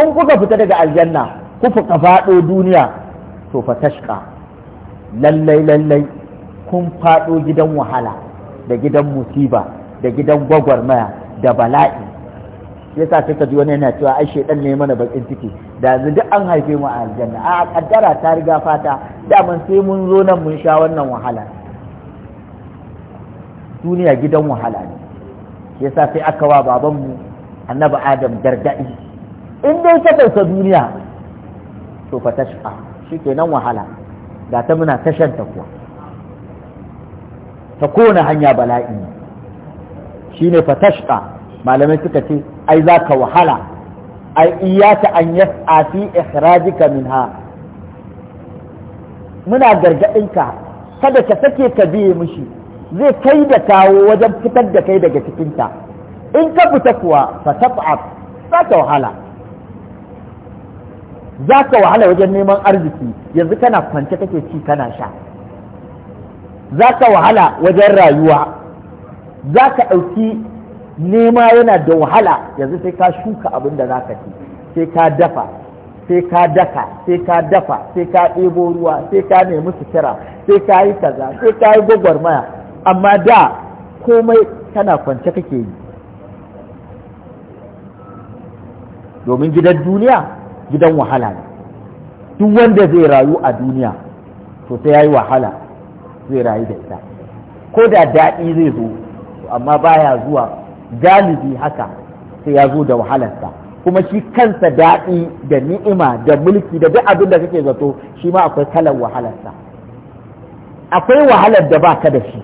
in kuka fita daga aljanna ku fuka faɗo duniya to fa tashqa lallai lallai kun faɗo gidan wahala da gidan musiba da gidan gwagwarmaya da bala'i ya sa ka ji wani yana cewa ai shedan ne mana bakin ciki da yanzu duk an haife mu a aljanna a kaddara ta riga fata daman sai mun zo nan mun sha wannan wahala duniya gidan wahala ne yasa sai aka wa babanmu annabi adam gargadi in dai ka duniya to fa tashqa shikenan wahala ga ta muna tashan takuwa, ta kowane hanya bala'i ne shine fatashqa malamai suka ce ai za ka wahala ai iyaka an yas'a fi ikhrajika minha muna gargaɗinka, ka kada ka sake ka biye mishi zai kai da kawo wajen fitar da kai daga cikinta in ka fita kuwa fa za ka wahala za ka wahala wajen neman arziki yanzu kana kwance kake ci kana sha za ka wahala wajen rayuwa za ka ɗauki nema yana da wahala yanzu sai ka shuka abin da za ka ci sai ka dafa sai ka daka sai ka dafa sai ka ɗebo ruwa sai ka nemi sutura sai ka yi kaza sai ka yi gwagwarmaya amma da komai kana kwance kake yi domin gidan duniya gidan wahala ne duk wanda zai rayu a duniya to sai ya wahala zai rayu da ita ko da daɗi zai zo amma baya zuwa galibi haka sai ya zo da wahalarsa kuma shi kansa daɗi da ni'ima da mulki da duk abin da kake zato shi ma akwai kalan wahalarsa akwai wahalar da baka da shi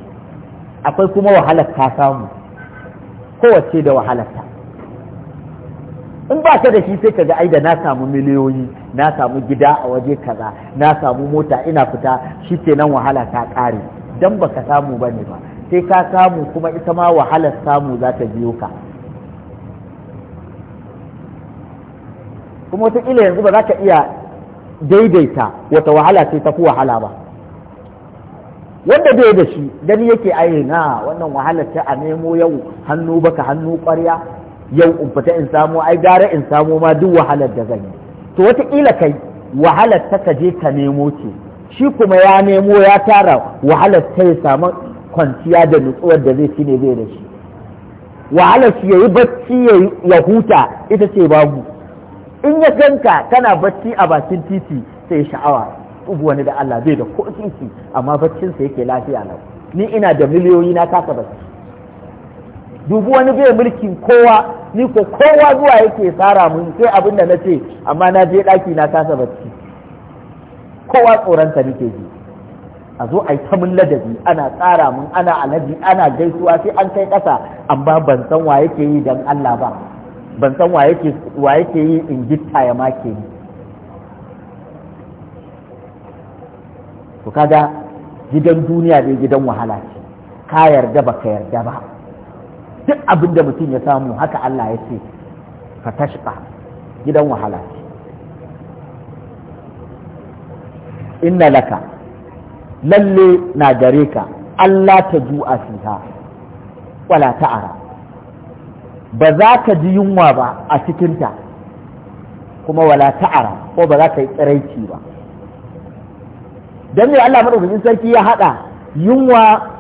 akwai kuma wahalar ka samu kowace da wahalarta in ba ka da shi sai kaga ai da na samu miliyoyi na samu gida a waje kaza na samu mota ina fita shi nan wahala ta ƙare ba ka samu ba ne ba sai ka samu kuma ita ma wahalar samu za ta biyo ka kuma wataƙila yanzu ba za ka iya daidaita wata wahala ce ta fi wahala ba wanda bai da shi gani yake ai na wannan wahalar ta a nemo yau hannu baka hannu ƙwarya yau in fita in samo ai gara in samo ma duk wahalar da zan yi to wataƙila kai wahalar ta ka je ka nemo ce shi kuma ya nemo ya tara wahalar ta ya samu kwanciya da nutsuwar da zai ci ne zai da shi wahalar shi ya yi bacci ya huta ita ce babu in ya ganka kana bacci a bakin titi sai sha'awa ubu wani da Allah bai da ko titi amma baccinsa yake lafiya lau ni ina da miliyoyi na kasa bacci dubu wani bai mulkin kowa ni ko kowa zuwa yake tsara mun sai abin da na ce amma na je ɗaki na kasa bacci kowa tsoronta nake ji a zo a yi ta mun ladabi ana tsara mun ana alhaji ana gaisuwa sai an kai ƙasa amma ban san wa yake yi dan Allah ba ban san wa yake wa yake yi in gitta ya make ni to kaga gidan duniya ne gidan wahala ce ka yarda ba ka yarda ba duk abin da mutum ya samu haka Allah ya ce ka tashqa gidan wahala inna laka lalle na gare ka Allah ta ju'a fiha wala ta'ara ba za ka ji yunwa ba a cikinta kuma wala ta'ara ko ba za ka yi tsiraici ba don me Allah madaukakin sarki ya haɗa yunwa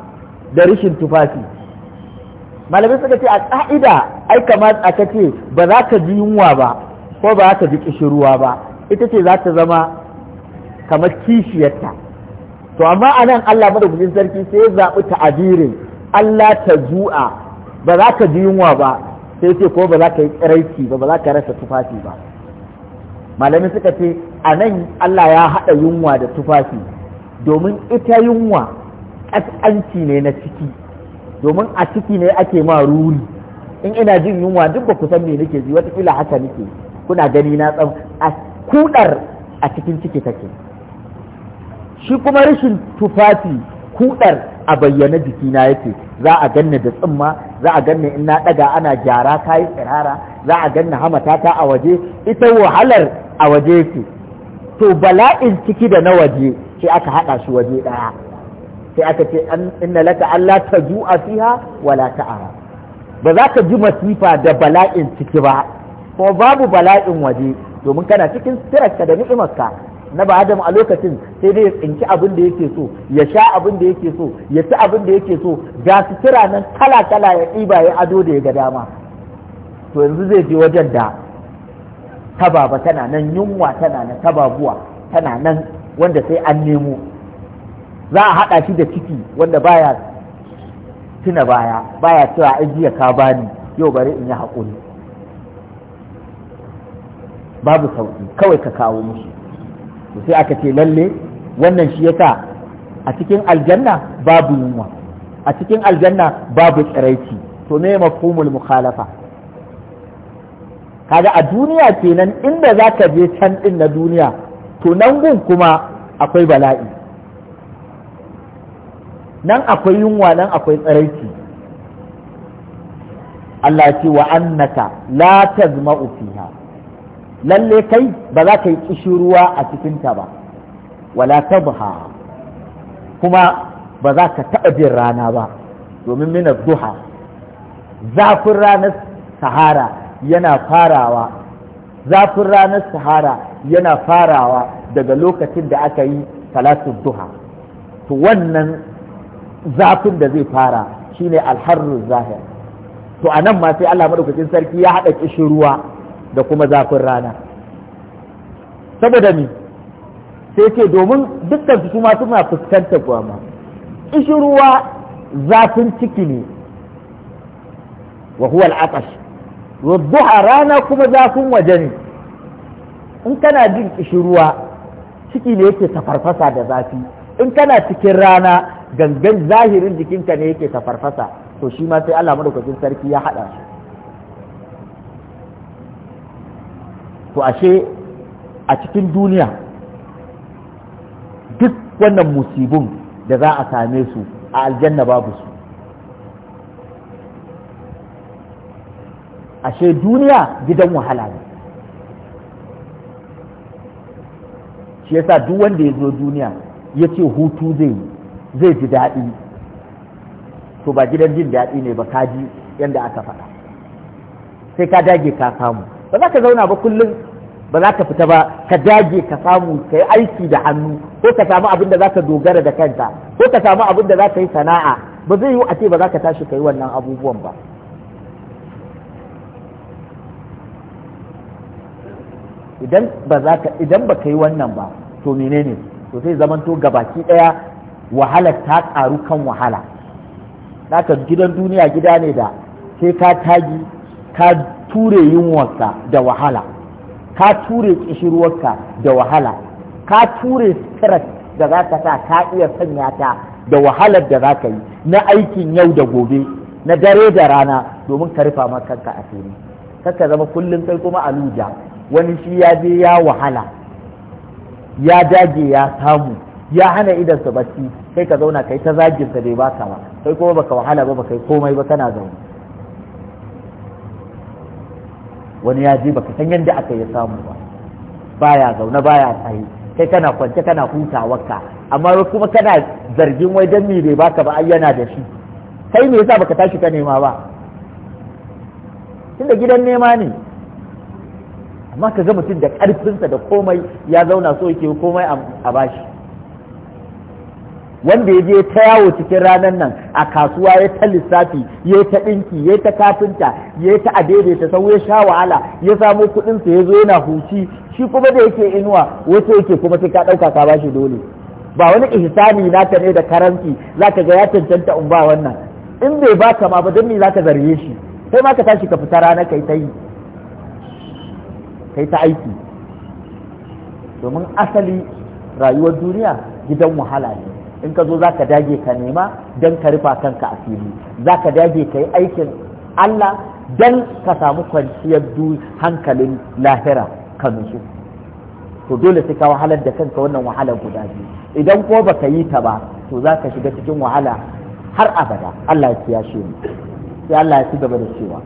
da rashin tufafi malamin suka ce a ƙa'ida ai kamar a ta ce ba za ka ji yunwa ba ko ba za ka ji kishirwa ba ita ce za ta zama kamar kishiyarta to amma a nan Allah madaukakin sarki sai ya zaɓi ta'abirin Allah ta zu'a ba za ka ji yunwa ba sai ce ko ba za ka yi tsiraici ba ba za ka rasa tufafi ba malamin suka ce a nan Allah ya haɗa yunwa da tufafi domin ita yunwa ƙasƙanci ne na ciki domin a ciki ne ake ma ruri in ina jin yunwa duk ba ku san me nake ji kila haka nake kuna gani na tsam a kudar a cikin ciki take shi kuma rashin tufafi kudar a bayyana jikina yake za a ganna da tsimma za a ganna in na daga ana gyara kayi tsirara za a ganna hamatata a waje ita wahalar a waje yake to bala'in ciki da na waje sai aka haɗa shi waje ɗaya sai aka ce inna laka Allah ta ju'a fiha wala ta'ara ba za ka ji masifa da bala'in ciki ba ko babu bala'in waje domin kana cikin sirarka da ni'imarka na ba adam a lokacin sai dai ya tsinci abin da yake so ya sha abin da yake so ya ci abin da yake so ga kira nan kala kala ya ɗiba ya ado da ya ga dama to yanzu zai je wajen da tababa tana nan yunwa tana na tababuwa tana nan wanda sai an nemo za a haɗa shi da ciki wanda baya tuna baya baya cewa ai jiya ka bani yau bari in yi haƙuri babu sauƙi kawai ka kawo mushi sai aka ce lalle wannan shi yasa a cikin aljanna babu yunwa a cikin aljanna babu tsiraici to me mafhumul mukhalafa kaga a duniya kenan inda za ka je can ɗin na duniya to nan gun kuma akwai bala'i nan akwai yunwa nan akwai tsaraici Allah ce wa annaka la tazma'u fiha lalle kai ba za ka yi kishiruwa a cikinta ba wala tabha kuma ba za ka taɓa jin rana ba domin mina duha zafin ranar sahara yana farawa zafin ranar sahara yana farawa daga lokacin da aka yi salatu duha to wannan zafin da zai fara shine alharru zahir to a nan ma sai Allah madaukakin sarki ya haɗa kishin ruwa da kuma zafin rana saboda ni sai ce domin dukkan su ma suna fuskantar kwama kishin ruwa zafin ciki ne wa huwa al'aqash wadduha rana kuma zafin waje ne in kana jin kishin ruwa ciki ne yake tafarfasa da zafi in kana cikin rana gangan zahirin jikinka ne yake tafarfasa to shi ma sai Allah madaukakin sarki ya haɗa shi to ashe a cikin duniya duk wannan musibin da za a same su a aljanna babu su ashe duniya gidan wahala ne shi yasa duk wanda ya zo duniya ya ce hutu zai yi zai ji daɗi to ba gidan jin daɗi ne ba ka ji yadda aka faɗa sai ka dage ka samu ba za ka zauna ba kullum ba za ka fita ba ka dage ka samu ka yi aiki da hannu ko ka samu abin da za ka dogara da kanka ko ka samu abin da za ka yi sana'a ba zai yi a ce ba za ka tashi ka yi wannan abubuwan ba idan ba ka yi wannan ba to menene to sai zamanto gabaki daya wahala ta karu kan wahala naka gidan duniya gida ne da sai ka tagi ka ture yunwarka da wahala ka ture kishirwarka da wahala ka ture stress da za ka sa ka iya sanya ta da wahalar da za ka yi na aikin yau da gobe na dare da rana domin ka rufa maka kanka a fili kaka zama kullum sai kuma aluja wani shi ya je ya wahala ya dage ya samu ya hana idan sa bacci kai ka zauna kai ta zagin sa bai baka ba kai kuma baka wahala ba baka komai ba kana zaune wani ya je baka san yadda aka yi samu ba baya zaune baya tsaye kai kana kwance kana ka amma kuma kana zargin wai dan me bai baka ba ai yana da shi kai me yasa baka tashi ka nema ba tunda gidan nema ne amma ka ga mutum da ƙarfinsa da komai ya zauna so yake komai a bashi wanda ya je ta yawo cikin ranar nan a kasuwa ya ta lissafi ya ta ɗinki ya ta kafinta ya ta adaidaita sau ya sha wahala ya samo kuɗinsa ya zo yana huci shi kuma da yake inuwa wata yake kuma sai ka ɗauka ka bashi dole ba wani ihsani naka ne da karanci zaka ga ya cancanta in ba wannan in bai baka ma ba don me zaka zarge shi sai ma ka tashi ka fita rana kai ta yi kai ta aiki domin asali rayuwar duniya gidan wahala ne in ka zo za ka dage ka nema don ka rufa kanka fili za ka dage ka yi aikin Allah don ka samu kwanciyar hankalin lahira ka nutsu to dole sai ka wahalar da kanka wannan wahalar guda biyu idan ko ba ka yi ta ba to za ka shiga cikin wahala har abada Allah ya kiyashe shi sai Allah ya ci gaba da cewa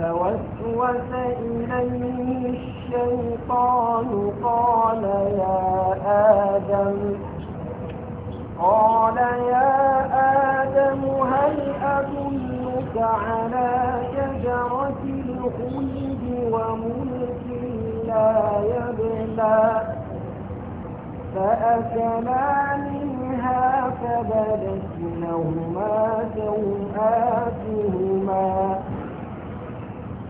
فوسوس إليه الشيطان قال يا قال يا آدم هل أدلك على شجرة الخلد وملك لا يبلى فأكلا منها فبدت لهما سوآتهما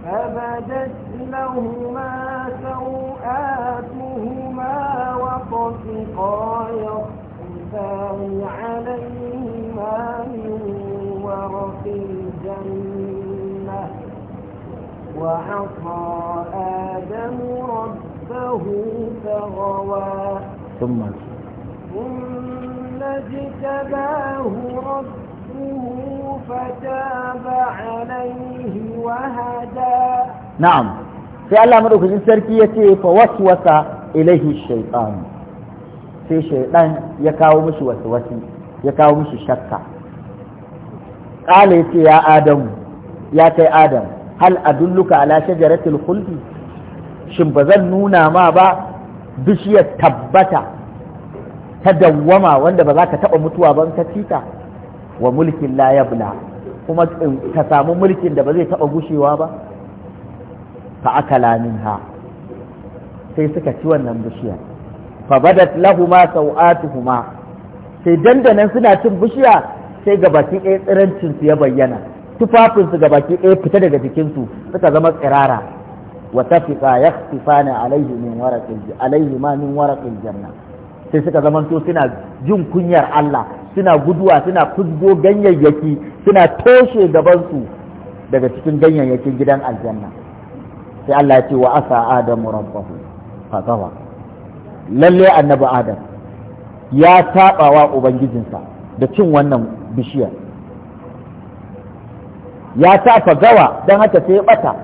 فبدت لهما سوآتهما وطفقا يصفقان الله عليهما من ورق الجنة وعصى آدم ربه فغوى ثم ثم اجتباه ربه فتاب عليه وهدى نعم sai Allah madaukakin sarki ya ce fa waswasa ilaihi sai shaidan ya kawo musu wasu ya kawo musu shakka ƙala ya ce ya adamu ya kai adam hal adulluka ala shajaratul khuldi shin ba zan nuna ma ba bishiyar tabbata ta dawwama wanda ba za ka taɓa mutuwa ba ta cita wa mulkin la yabla kuma ka samu mulkin da ba zai taɓa gushewa ba fa akala minha sai suka ci wannan bishiyar fabadat lahuma sau'atuhuma sai dandanan suna cin bishiya sai ga ɗaya tsirancin su ya bayyana tufafinsu ga baki ɗaya fita daga su suka zama tsirara wa tafiqa yakhtifana alayhi min waraqil alayhi ma min waraqil janna sai suka zama to suna jin kunyar Allah suna guduwa suna kuzgo ganyayyaki suna toshe gabansu daga cikin ganyayyakin gidan aljanna sai Allah ya ce wa asa adamu rabbahu fa lalle annabi adam ya saba wa ubangijinsa da cin wannan bishiyar ya tafa gawa don haka sai ya bata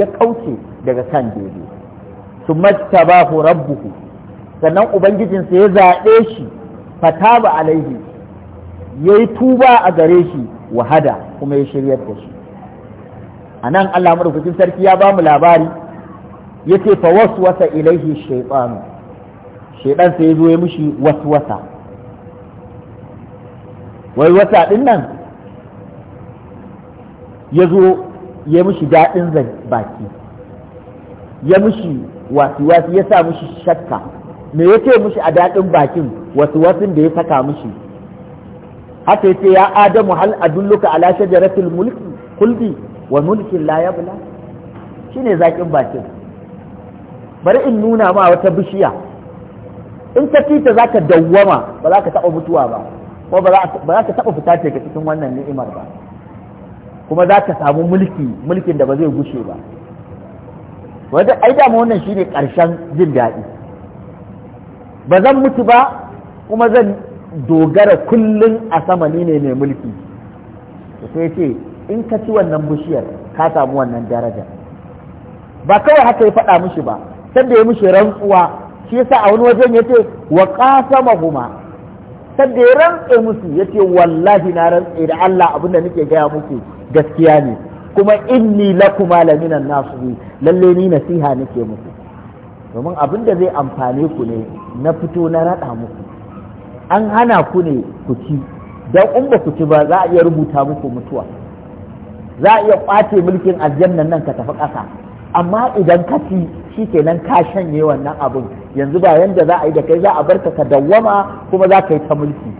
ya kauce daga kan daidai su mattabahu rabbuhu sannan ubangijinsa ya zaɓe shi fataba alaihi ya yi tuba a gare shi wahada kuma ya shiryar da shi a nan allah madaukakin sarki ya ba mu labari ya ce fa wasu wasa ilaihi shaitanu shaidan sai ya zo ya mishi wasa wai wasa din nan ya zo ya mishi daɗin zai baki ya mishi wasi-wasi ya sa mishi shakka me ya ce mishi a daɗin bakin wasu-wasun da ya saka mishi haka ya ce ya adamu hal dulluka ala shajaratul mulki kulbi wa mulkin la yabla shine zakin bakin bari in nuna ma wata bishiya in ka fita za ka dawwama ba za ka taɓa mutuwa ba ko ba za ka taɓa fita ka cikin wannan ni'imar ba kuma za ka samu mulki mulkin da ba zai gushe ba wanda ai dama wannan shine ƙarshen jin daɗi ba zan mutu ba kuma zan dogara kullum a sama ni ne mai mulki sai ce in ka ci wannan bishiyar ka samu wannan daraja ba kawai haka ya faɗa mishi ba sanda ya mushi rantsuwa shi yasa a wani wajen yace wa huma sadda ya rantse musu yace wallahi na rantse da Allah abinda nake gaya muku gaskiya ne kuma inni lakuma minan nasihi lalle ni nasiha nake muku domin abin da zai amfane ku ne na fito na rada muku an hana ku ne ku ci don in ba ku ci ba za a iya rubuta muku mutuwa za a iya kwace mulkin aljannan nan ka tafi kasa amma idan ka ci shi kenan ka shanye wannan abin yanzu ba yanda za a yi da kai za a bar ka dawwama kuma za ka yi ta mulki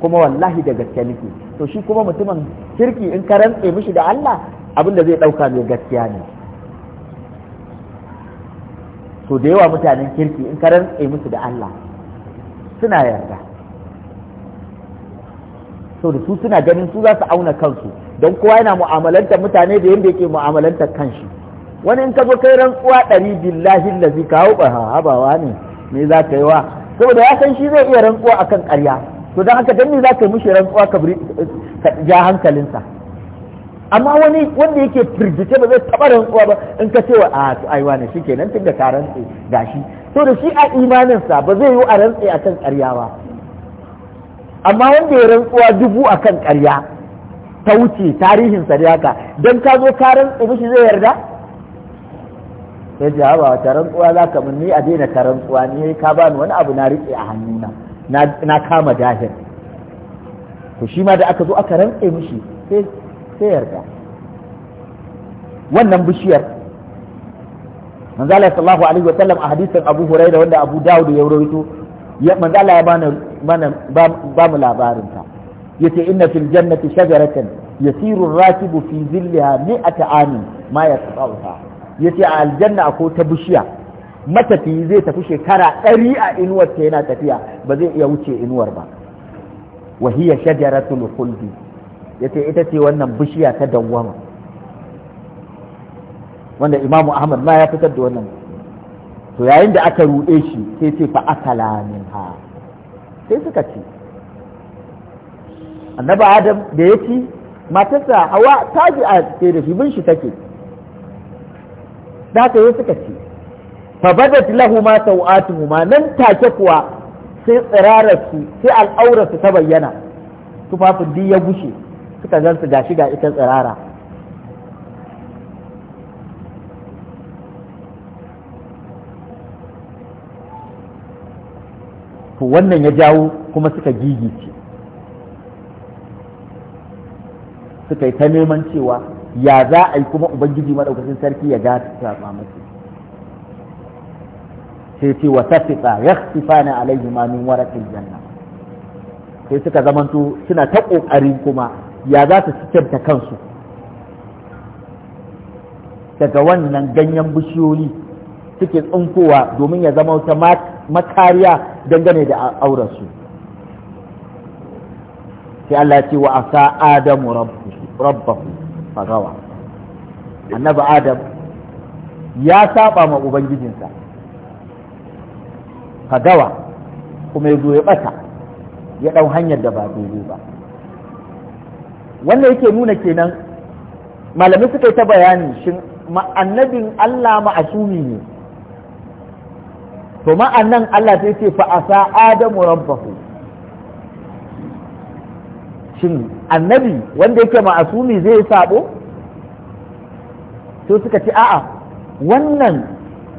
kuma wallahi da gaske nake to shi kuma mutumin kirki in ka rantse mishi da Allah abin da zai ɗauka mai gaskiya ne to da yawa mutanen kirki in ka rantse musu da Allah suna yarda to da su suna ganin su za su auna kansu don kowa yana mu'amalanta mutane da yadda yake mu'amalantar kanshi wani in ka zo kai rantsuwa ɗari billahi lazi kawo ba habawa ne me za ka yi wa saboda ya san shi zai iya rantsuwa akan ƙarya to don haka dan ne za ka yi mishi rantsuwa ka ja hankalinsa amma wani wanda yake firgice ba zai taɓa rantsuwa ba in ka ce wa a to ai ne shi kenan tun da ka rantse gashi to da shi a imaninsa ba zai yi a rantse akan ƙarya ba amma wanda ya rantsuwa dubu akan ƙarya ta wuce tarihinsa da haka dan ka zo ka rantse mishi zai yarda Sai ce haba wata rantsuwa za ka ni a daina ka rantsuwa ni ka bani wani abu na riƙe a hannuna na kama dahir to shi ma da aka zo aka rantse mishi sai yarda wannan bishiyar manzo Allah sallallahu alaihi wa sallam a hadisin Abu Hurairah wanda Abu Dawud ya rawaito ya manzo Allah ya bana mana ba mu labarin ta yace inna fil jannati shajaratan yasiru ar-rakibu fi zillaha mi'ata amin ma yaqta'uha yace a aljanna ko ta bishiya matafiyi zai tafi shekara ɗari a inuwar ta yana tafiya ba zai iya wuce inuwar ba wahiya shajaratul ya yace ita ce wannan bishiya ta dawwama wanda imamu ahmad ma ya fitar da wannan to yayin da aka ruɗe shi sai ce fa akala ha, sai suka ci annabi adam da ya matarsa hawa ta ji a da shi bin shi take da haka yi suka ce fa badat lahu ma sawatuhu ma nan take kuwa sai su, sai su ta bayyana tufafin din ya gushe suka gansu gashi ga ita tsirara to wannan ya jawo kuma suka gigice suka yi ta neman cewa ya za a yi kuma ubangiji madaukakin sarki ya gata masu sai ce wa tafiqa yakhsifana alaihi ma min waraqil janna sai suka zamanto suna ta kokarin kuma ya za su cikanta kansu daga wannan ganyen bishiyoyi suke tsinkowa domin ya zama wata makariya dangane da aurensu sai Allah ce wa asa adamu rabbahu fagawa annabi adam ya saba ma ubangijinsa fagawa kuma ya zo ya bata ya dau hanyar da ba daidai ba wannan yake nuna kenan malamai suka yi ta bayani shin annabin Allah ma'asumi ne to ma'annan Allah sai ce fa adamu rabbahu shin annabi wanda yake ma'asumi zai yi sabo to suka ce a'a wannan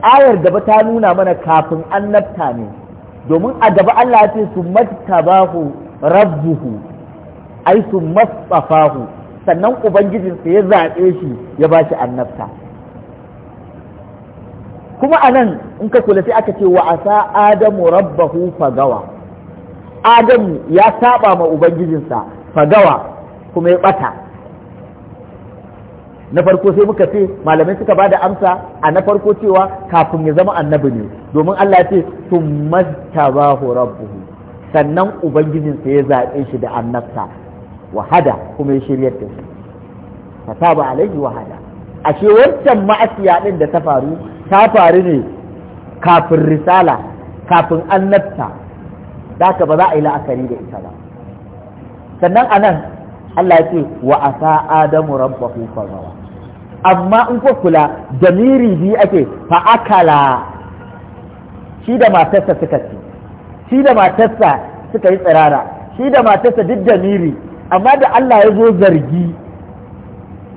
ayar gaba ta nuna mana kafin annabta ne domin a gaba Allah ce su mattabahu rabbuhu ai su mastafahu sannan ubangijinsa ya zaɓe shi ya ba shi annabta kuma a nan in ka kula sai aka ce wa asa adamu rabbahu fagawa adamu ya saba ma ubangijinsa fagawa kuma ya bata na farko sai muka ce malamai suka ba da amsa a na farko cewa kafin ya zama annabi ne domin Allah ya ce sun tummastabahu rabbuhu sannan ubangijinsa ya zaɓe shi da annabta wahada kuma ya shiryar da shi fataba alaihi wahada ashe wancan ma'asiya din da ta faru ta faru ne kafin risala kafin annabta da ba za a yi la'akari da ita ba sannan anan Allah ya ce wa asa adamu rabbahu fagawa amma in ko kula damiri biyu ake fa akala shi da matarsa suka ci shi da matarsa suka yi tsirara shi da matarsa duk damiri amma da Allah ya zo zargi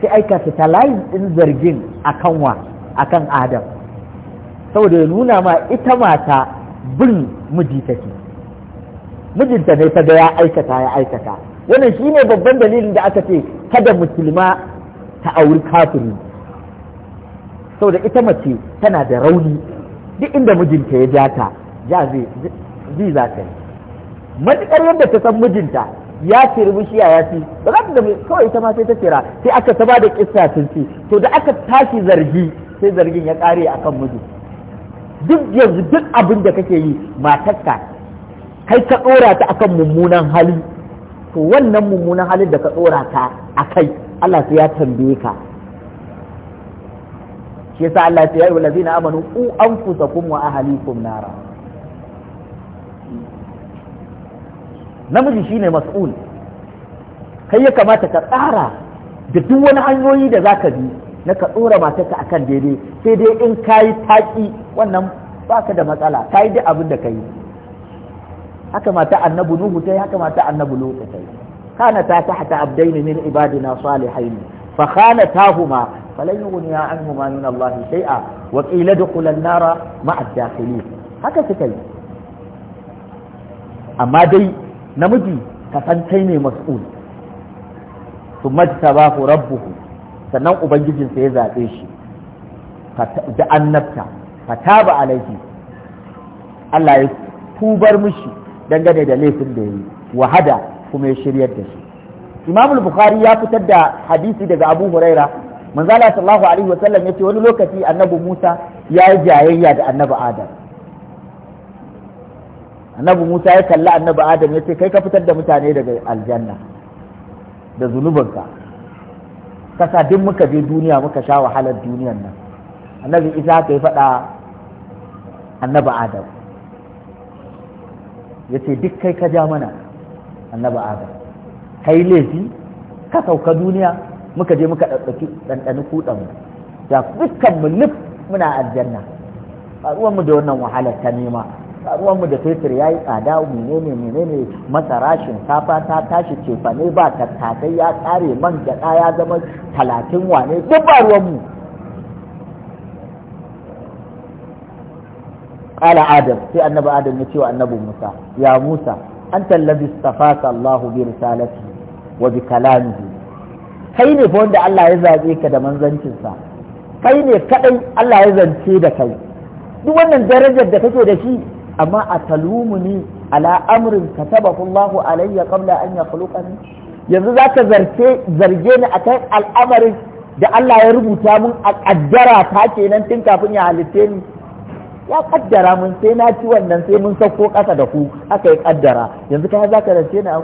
sai aika su layi din zargin akan wa akan adam saboda ya nuna ma ita mata bin miji take mijinta ne ta ga ya aikata ya aikata wannan ne babban dalilin da aka ce kada musulma ta auri kafiri saboda ita mace tana da rauni duk inda mijinta ya ja ta ja zai za ta yi matuƙar yadda ta san mijinta ya ce bishiya ya ci ba za ta da kawai ita ma sai ta tsira sai aka ta da kissa sun ci to da aka tashi zargi sai zargin ya ƙare a kan miji duk yanzu duk abin da kake yi matarka kai ka ɗora ta akan mummunan hali to wannan mummunan halin da ka tsora ka a kai Allah sai ya tambaye ka shi yasa Allah ya yi wallazina amanu ku anfusakum wa ahlikum nara namiji shine mas'ul kai ya kamata ka tsara da duk wani hanyoyi da zaka bi na ka tsora matarka akan daidai sai dai in kayi taki wannan baka da matsala kayi duk abin da kayi haka mata annabi nuhu ta yi haka mata annabi lutu ta yi kana ta tahta abdaini min ibadina salihaini fa khanatahuma falan yughniya anhuma min Allah shay'a wa qila dukhula an-nara ma'a ad-dakhilin haka suka yi amma dai namiji ka san kai ne mas'ul thumma tabahu rabbuhu sannan ubangijinsa ya zabe shi da annabta fataba alaihi Allah ya tubar mishi dangane da laifin da ya yi wahada kuma ya shiryar da shi imam bukhari ya fitar da hadisi daga abu huraira manzala sallallahu alaihi wa sallam yace wani lokaci annabi musa ya yi jayayya da annabi adam annabi musa ya kalli annabi adam yace kai ka fitar da mutane daga aljanna da zunubanka kasa duk muka je duniya muka sha wahalar duniyar nan annabi isa ka yi faɗa annabi adam ya ce duk kai ka ja mana annaba adam kai laifi ka sauka duniya muka je muka ɗaɗɗaki ɗanɗani kuɗan mu da dukkan mu lif muna aljanna mu da wannan wahalar ta nema mu da fetur ya yi tsada menene menene masara shinkafa ta tashi cefane ba tattasai ya ƙare man gyaɗa ya zama talatin wane duk ba ruwanmu qala adam sai annabi adam ya ce wa annabi musa ya musa anta allazi istafaka allah bi risalati wa bi kalamihi kai ne fa Allah ya zabe ka da manzancinsa kai ne kadai Allah ya zance da kai duk wannan darajar da kake da shi amma a talumuni ala amrin katabahu Allahu alayya yanzu za ka zarge ni akan al'amarin da Allah ya rubuta mun a kaddara ta kenan tun kafin ya halitte ni ya kaddara mun sai na ci wannan sai mun sauko ƙasa da ku aka yi kaddara yanzu ka za ka rance ni a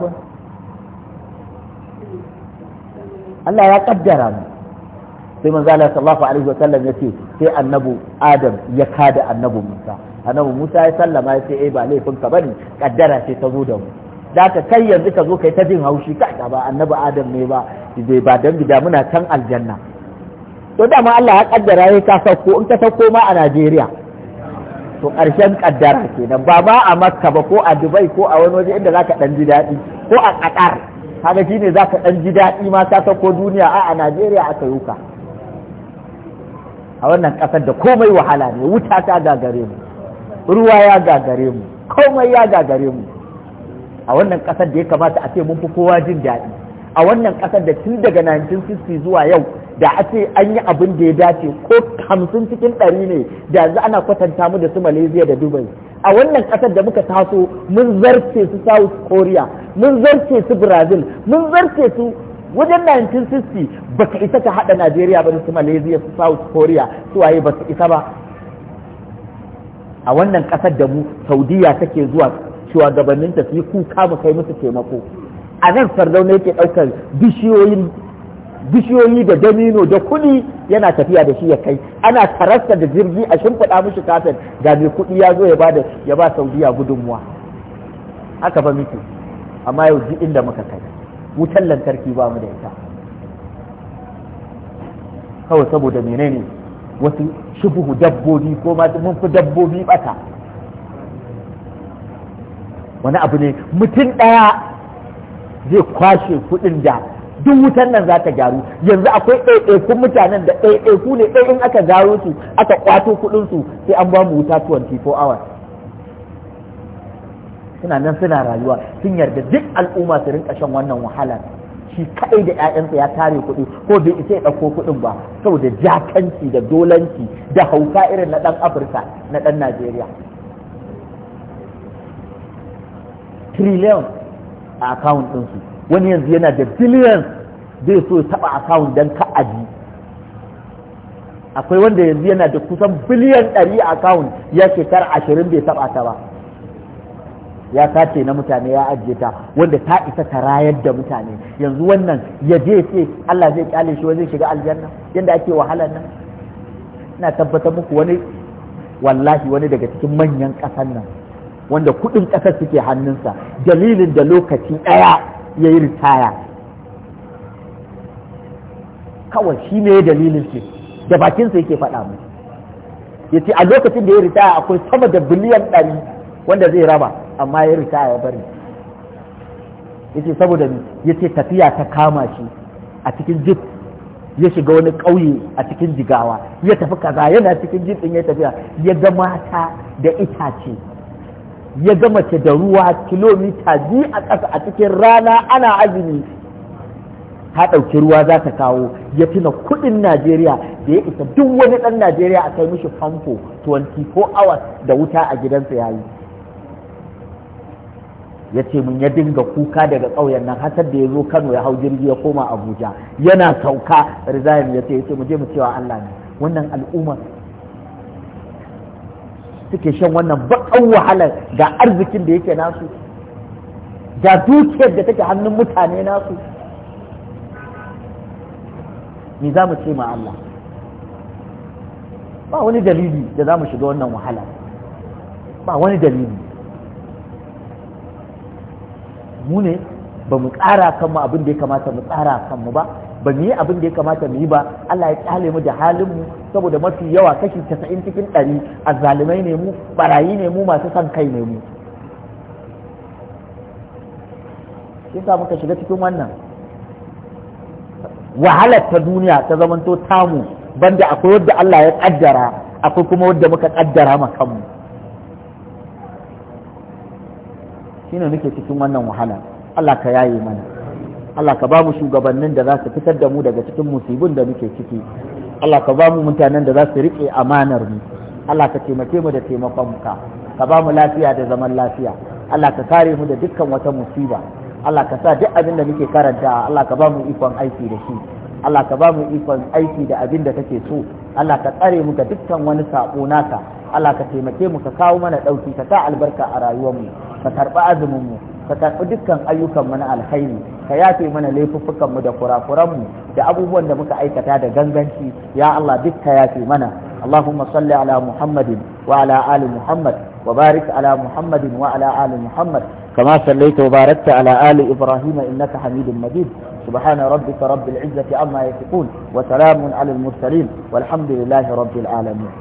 Allah ya kaddara mu sai manzo Allah sallallahu alaihi wa sallam yace sai annabu Adam ya kada annabu Musa annabu Musa ya sallama ya ce eh ba laifin ka bane kaddara ce ta zo da mu da ka kai yanzu ka zo kai ta jin haushi ka ba annabu Adam ne ba ba dan gida muna can aljanna to dama Allah ya kaddara ya ka sauko in ka sauko ma a Najeriya to ƙarshen ƙaddara kenan ba ba a makka ba ko a dubai ko a wani waje inda zaka ɗan ji daɗi ko a ƙaƙar haka shine zaka ɗan ji daɗi ma ka ko duniya a a najeriya aka yi wuka. a wannan ƙasar da komai wahala ne wuta ta gagare mu ruwa ya gagare mu komai ya gagare mu a wannan ƙasar da ya kamata a ce mun fi kowa jin daɗi a wannan ƙasar da tun daga 1960 zuwa yau da a ce an yi abin da ya dace ko hamsin cikin ɗari ne da yanzu ana kwatanta mu da su malaysia da dubai a wannan ƙasar da muka taso mun zarce su south korea mun zarce su brazil mun zarce su wajen 1960 baka isa ka haɗa najeriya ba da su malaysia su south korea su waye ba su isa ba a wannan ƙasar da mu saudiya take zuwa shugabanninta su yi kuka mu kai musu taimako a nan sardauna yake ɗaukar bishiyoyin bishiyoyi da damino da kuli yana tafiya da shi ya kai ana tarasta da jirgi a shimfiɗa mishi kafin ga mai kuɗi ya zo ya ba da ya ba saudiya gudunmuwa haka ba miki amma yau ji inda muka kai wutan lantarki ba mu da ita kawai saboda menene wasu shubuhu dabbobi ko ma mun fi dabbobi bata wani abu ne mutum ɗaya zai kwashe kuɗin da duk wutan nan za ta gyaru yanzu akwai ɗaiɗaikun mutanen da ɗaiɗaiku ne ɗai in aka gyaro su aka kwato kuɗin su sai an ba mu wuta 24 hours suna nan suna rayuwa sun yarda duk al'umma su rinka shan wannan wahala shi kaɗai da 'ya'yansa ya tare kuɗi ko bai isa ya ɗauko kuɗin ba saboda jakanci da dolanci da hauka irin na ɗan afirka na ɗan najeriya Trillion a akawun ɗinsu wani yanzu yana da billions zai so ya taba account don ka aji akwai wanda yanzu yana da kusan biliyan 100 account ya shekara 20 bai taba ta ba ya sace na mutane ya ajiye ta wanda ta isa ta rayar da mutane yanzu wannan ya je ce Allah zai kyale shi zai shiga aljanna yanda ake wahalar nan ina tabbatar muku wani wallahi wani daga cikin manyan ƙasar nan wanda kuɗin ƙasar suke hannunsa dalilin da lokaci ɗaya ya yi ritaya kawai shi ne dalilin ce da bakinsa yake faɗa mu ya ce a lokacin da ya yi ritaya akwai sama da biliyan ɗari wanda zai raba amma ya ritaya ya bari ya ce saboda ya ce tafiya ta kama shi a cikin jip ya shiga wani ƙauye a cikin jigawa ya tafi kaza yana cikin jip ɗin ya tafiya ya ga mata da itace ya ga mace da ruwa kilomita biyu a ƙasa a cikin rana ana azumi ta ɗauki ruwa za ta kawo ya tuna kuɗin najeriya da ya isa duk wani ɗan najeriya a kai mishi famfo 24 hours da wuta a gidansa ya yi ya ce mun ya dinga kuka daga ƙauyen nan hasar da ya zo kano ya hau jirgi ya koma abuja yana sauka rizayin ya ce ya ce mu je mu cewa allah ne wannan al'ummar. suke shan wannan baƙan wahala ga arzikin da yake nasu ga dukiyar da take hannun mutane nasu me za mu ce ma Allah ba wani dalili da za mu shiga wannan wahala ba wani dalili mu ne ba mu tsara kanmu abin da ya kamata mu tsara kanmu ba ba mu yi abin da ya kamata mu yi ba Allah ya kyale mu da halin mu saboda mafi yawa kashi 90 cikin 100 azzalumai ne mu barayi ne mu masu san kai ne mu sa muka shiga cikin wannan wahalar ta duniya ta zamanto tamu banda akwai wadda Allah ya kaddara akwai kuma wadda muka kaddara ma kanmu shine nake cikin wannan wahala Allah ka yaye mana Allah ka ba mu shugabannin da za su fitar da mu daga cikin musibin da muke ciki Allah ka ba mu mutanen da za su riƙe amanar mu Allah ka taimake mu da taimakon ka ka ba mu lafiya da zaman lafiya Allah ka kare mu da dukkan wata musiba Allah ka sa duk abin da muke karanta Allah ka ba mu ikon aiki da shi Allah ka ba mu ikon aiki da abin da kake so Allah ka tsare mu da dukkan wani sako naka Allah ka taimake mu ka kawo mana ɗauki ka sa albarka a rayuwar mu, ka karɓi azumin mu ka karɓi dukkan ayyukan mu na alkhairi ka yafe mana laifuffukan mu da kurakuran mu da abubuwan da muka aikata da ganganci ya Allah duk ka yafe mana Allahumma salli ala Muhammadin wa ala ali Muhammad wa barik ala Muhammadin wa ala ali Muhammad kama sallaita wa barakta ala ali Ibrahim innaka Hamidum Majid subhana rabbika rabbil izzati amma yasifun wa salamun ala mursalin walhamdulillahi rabbil alamin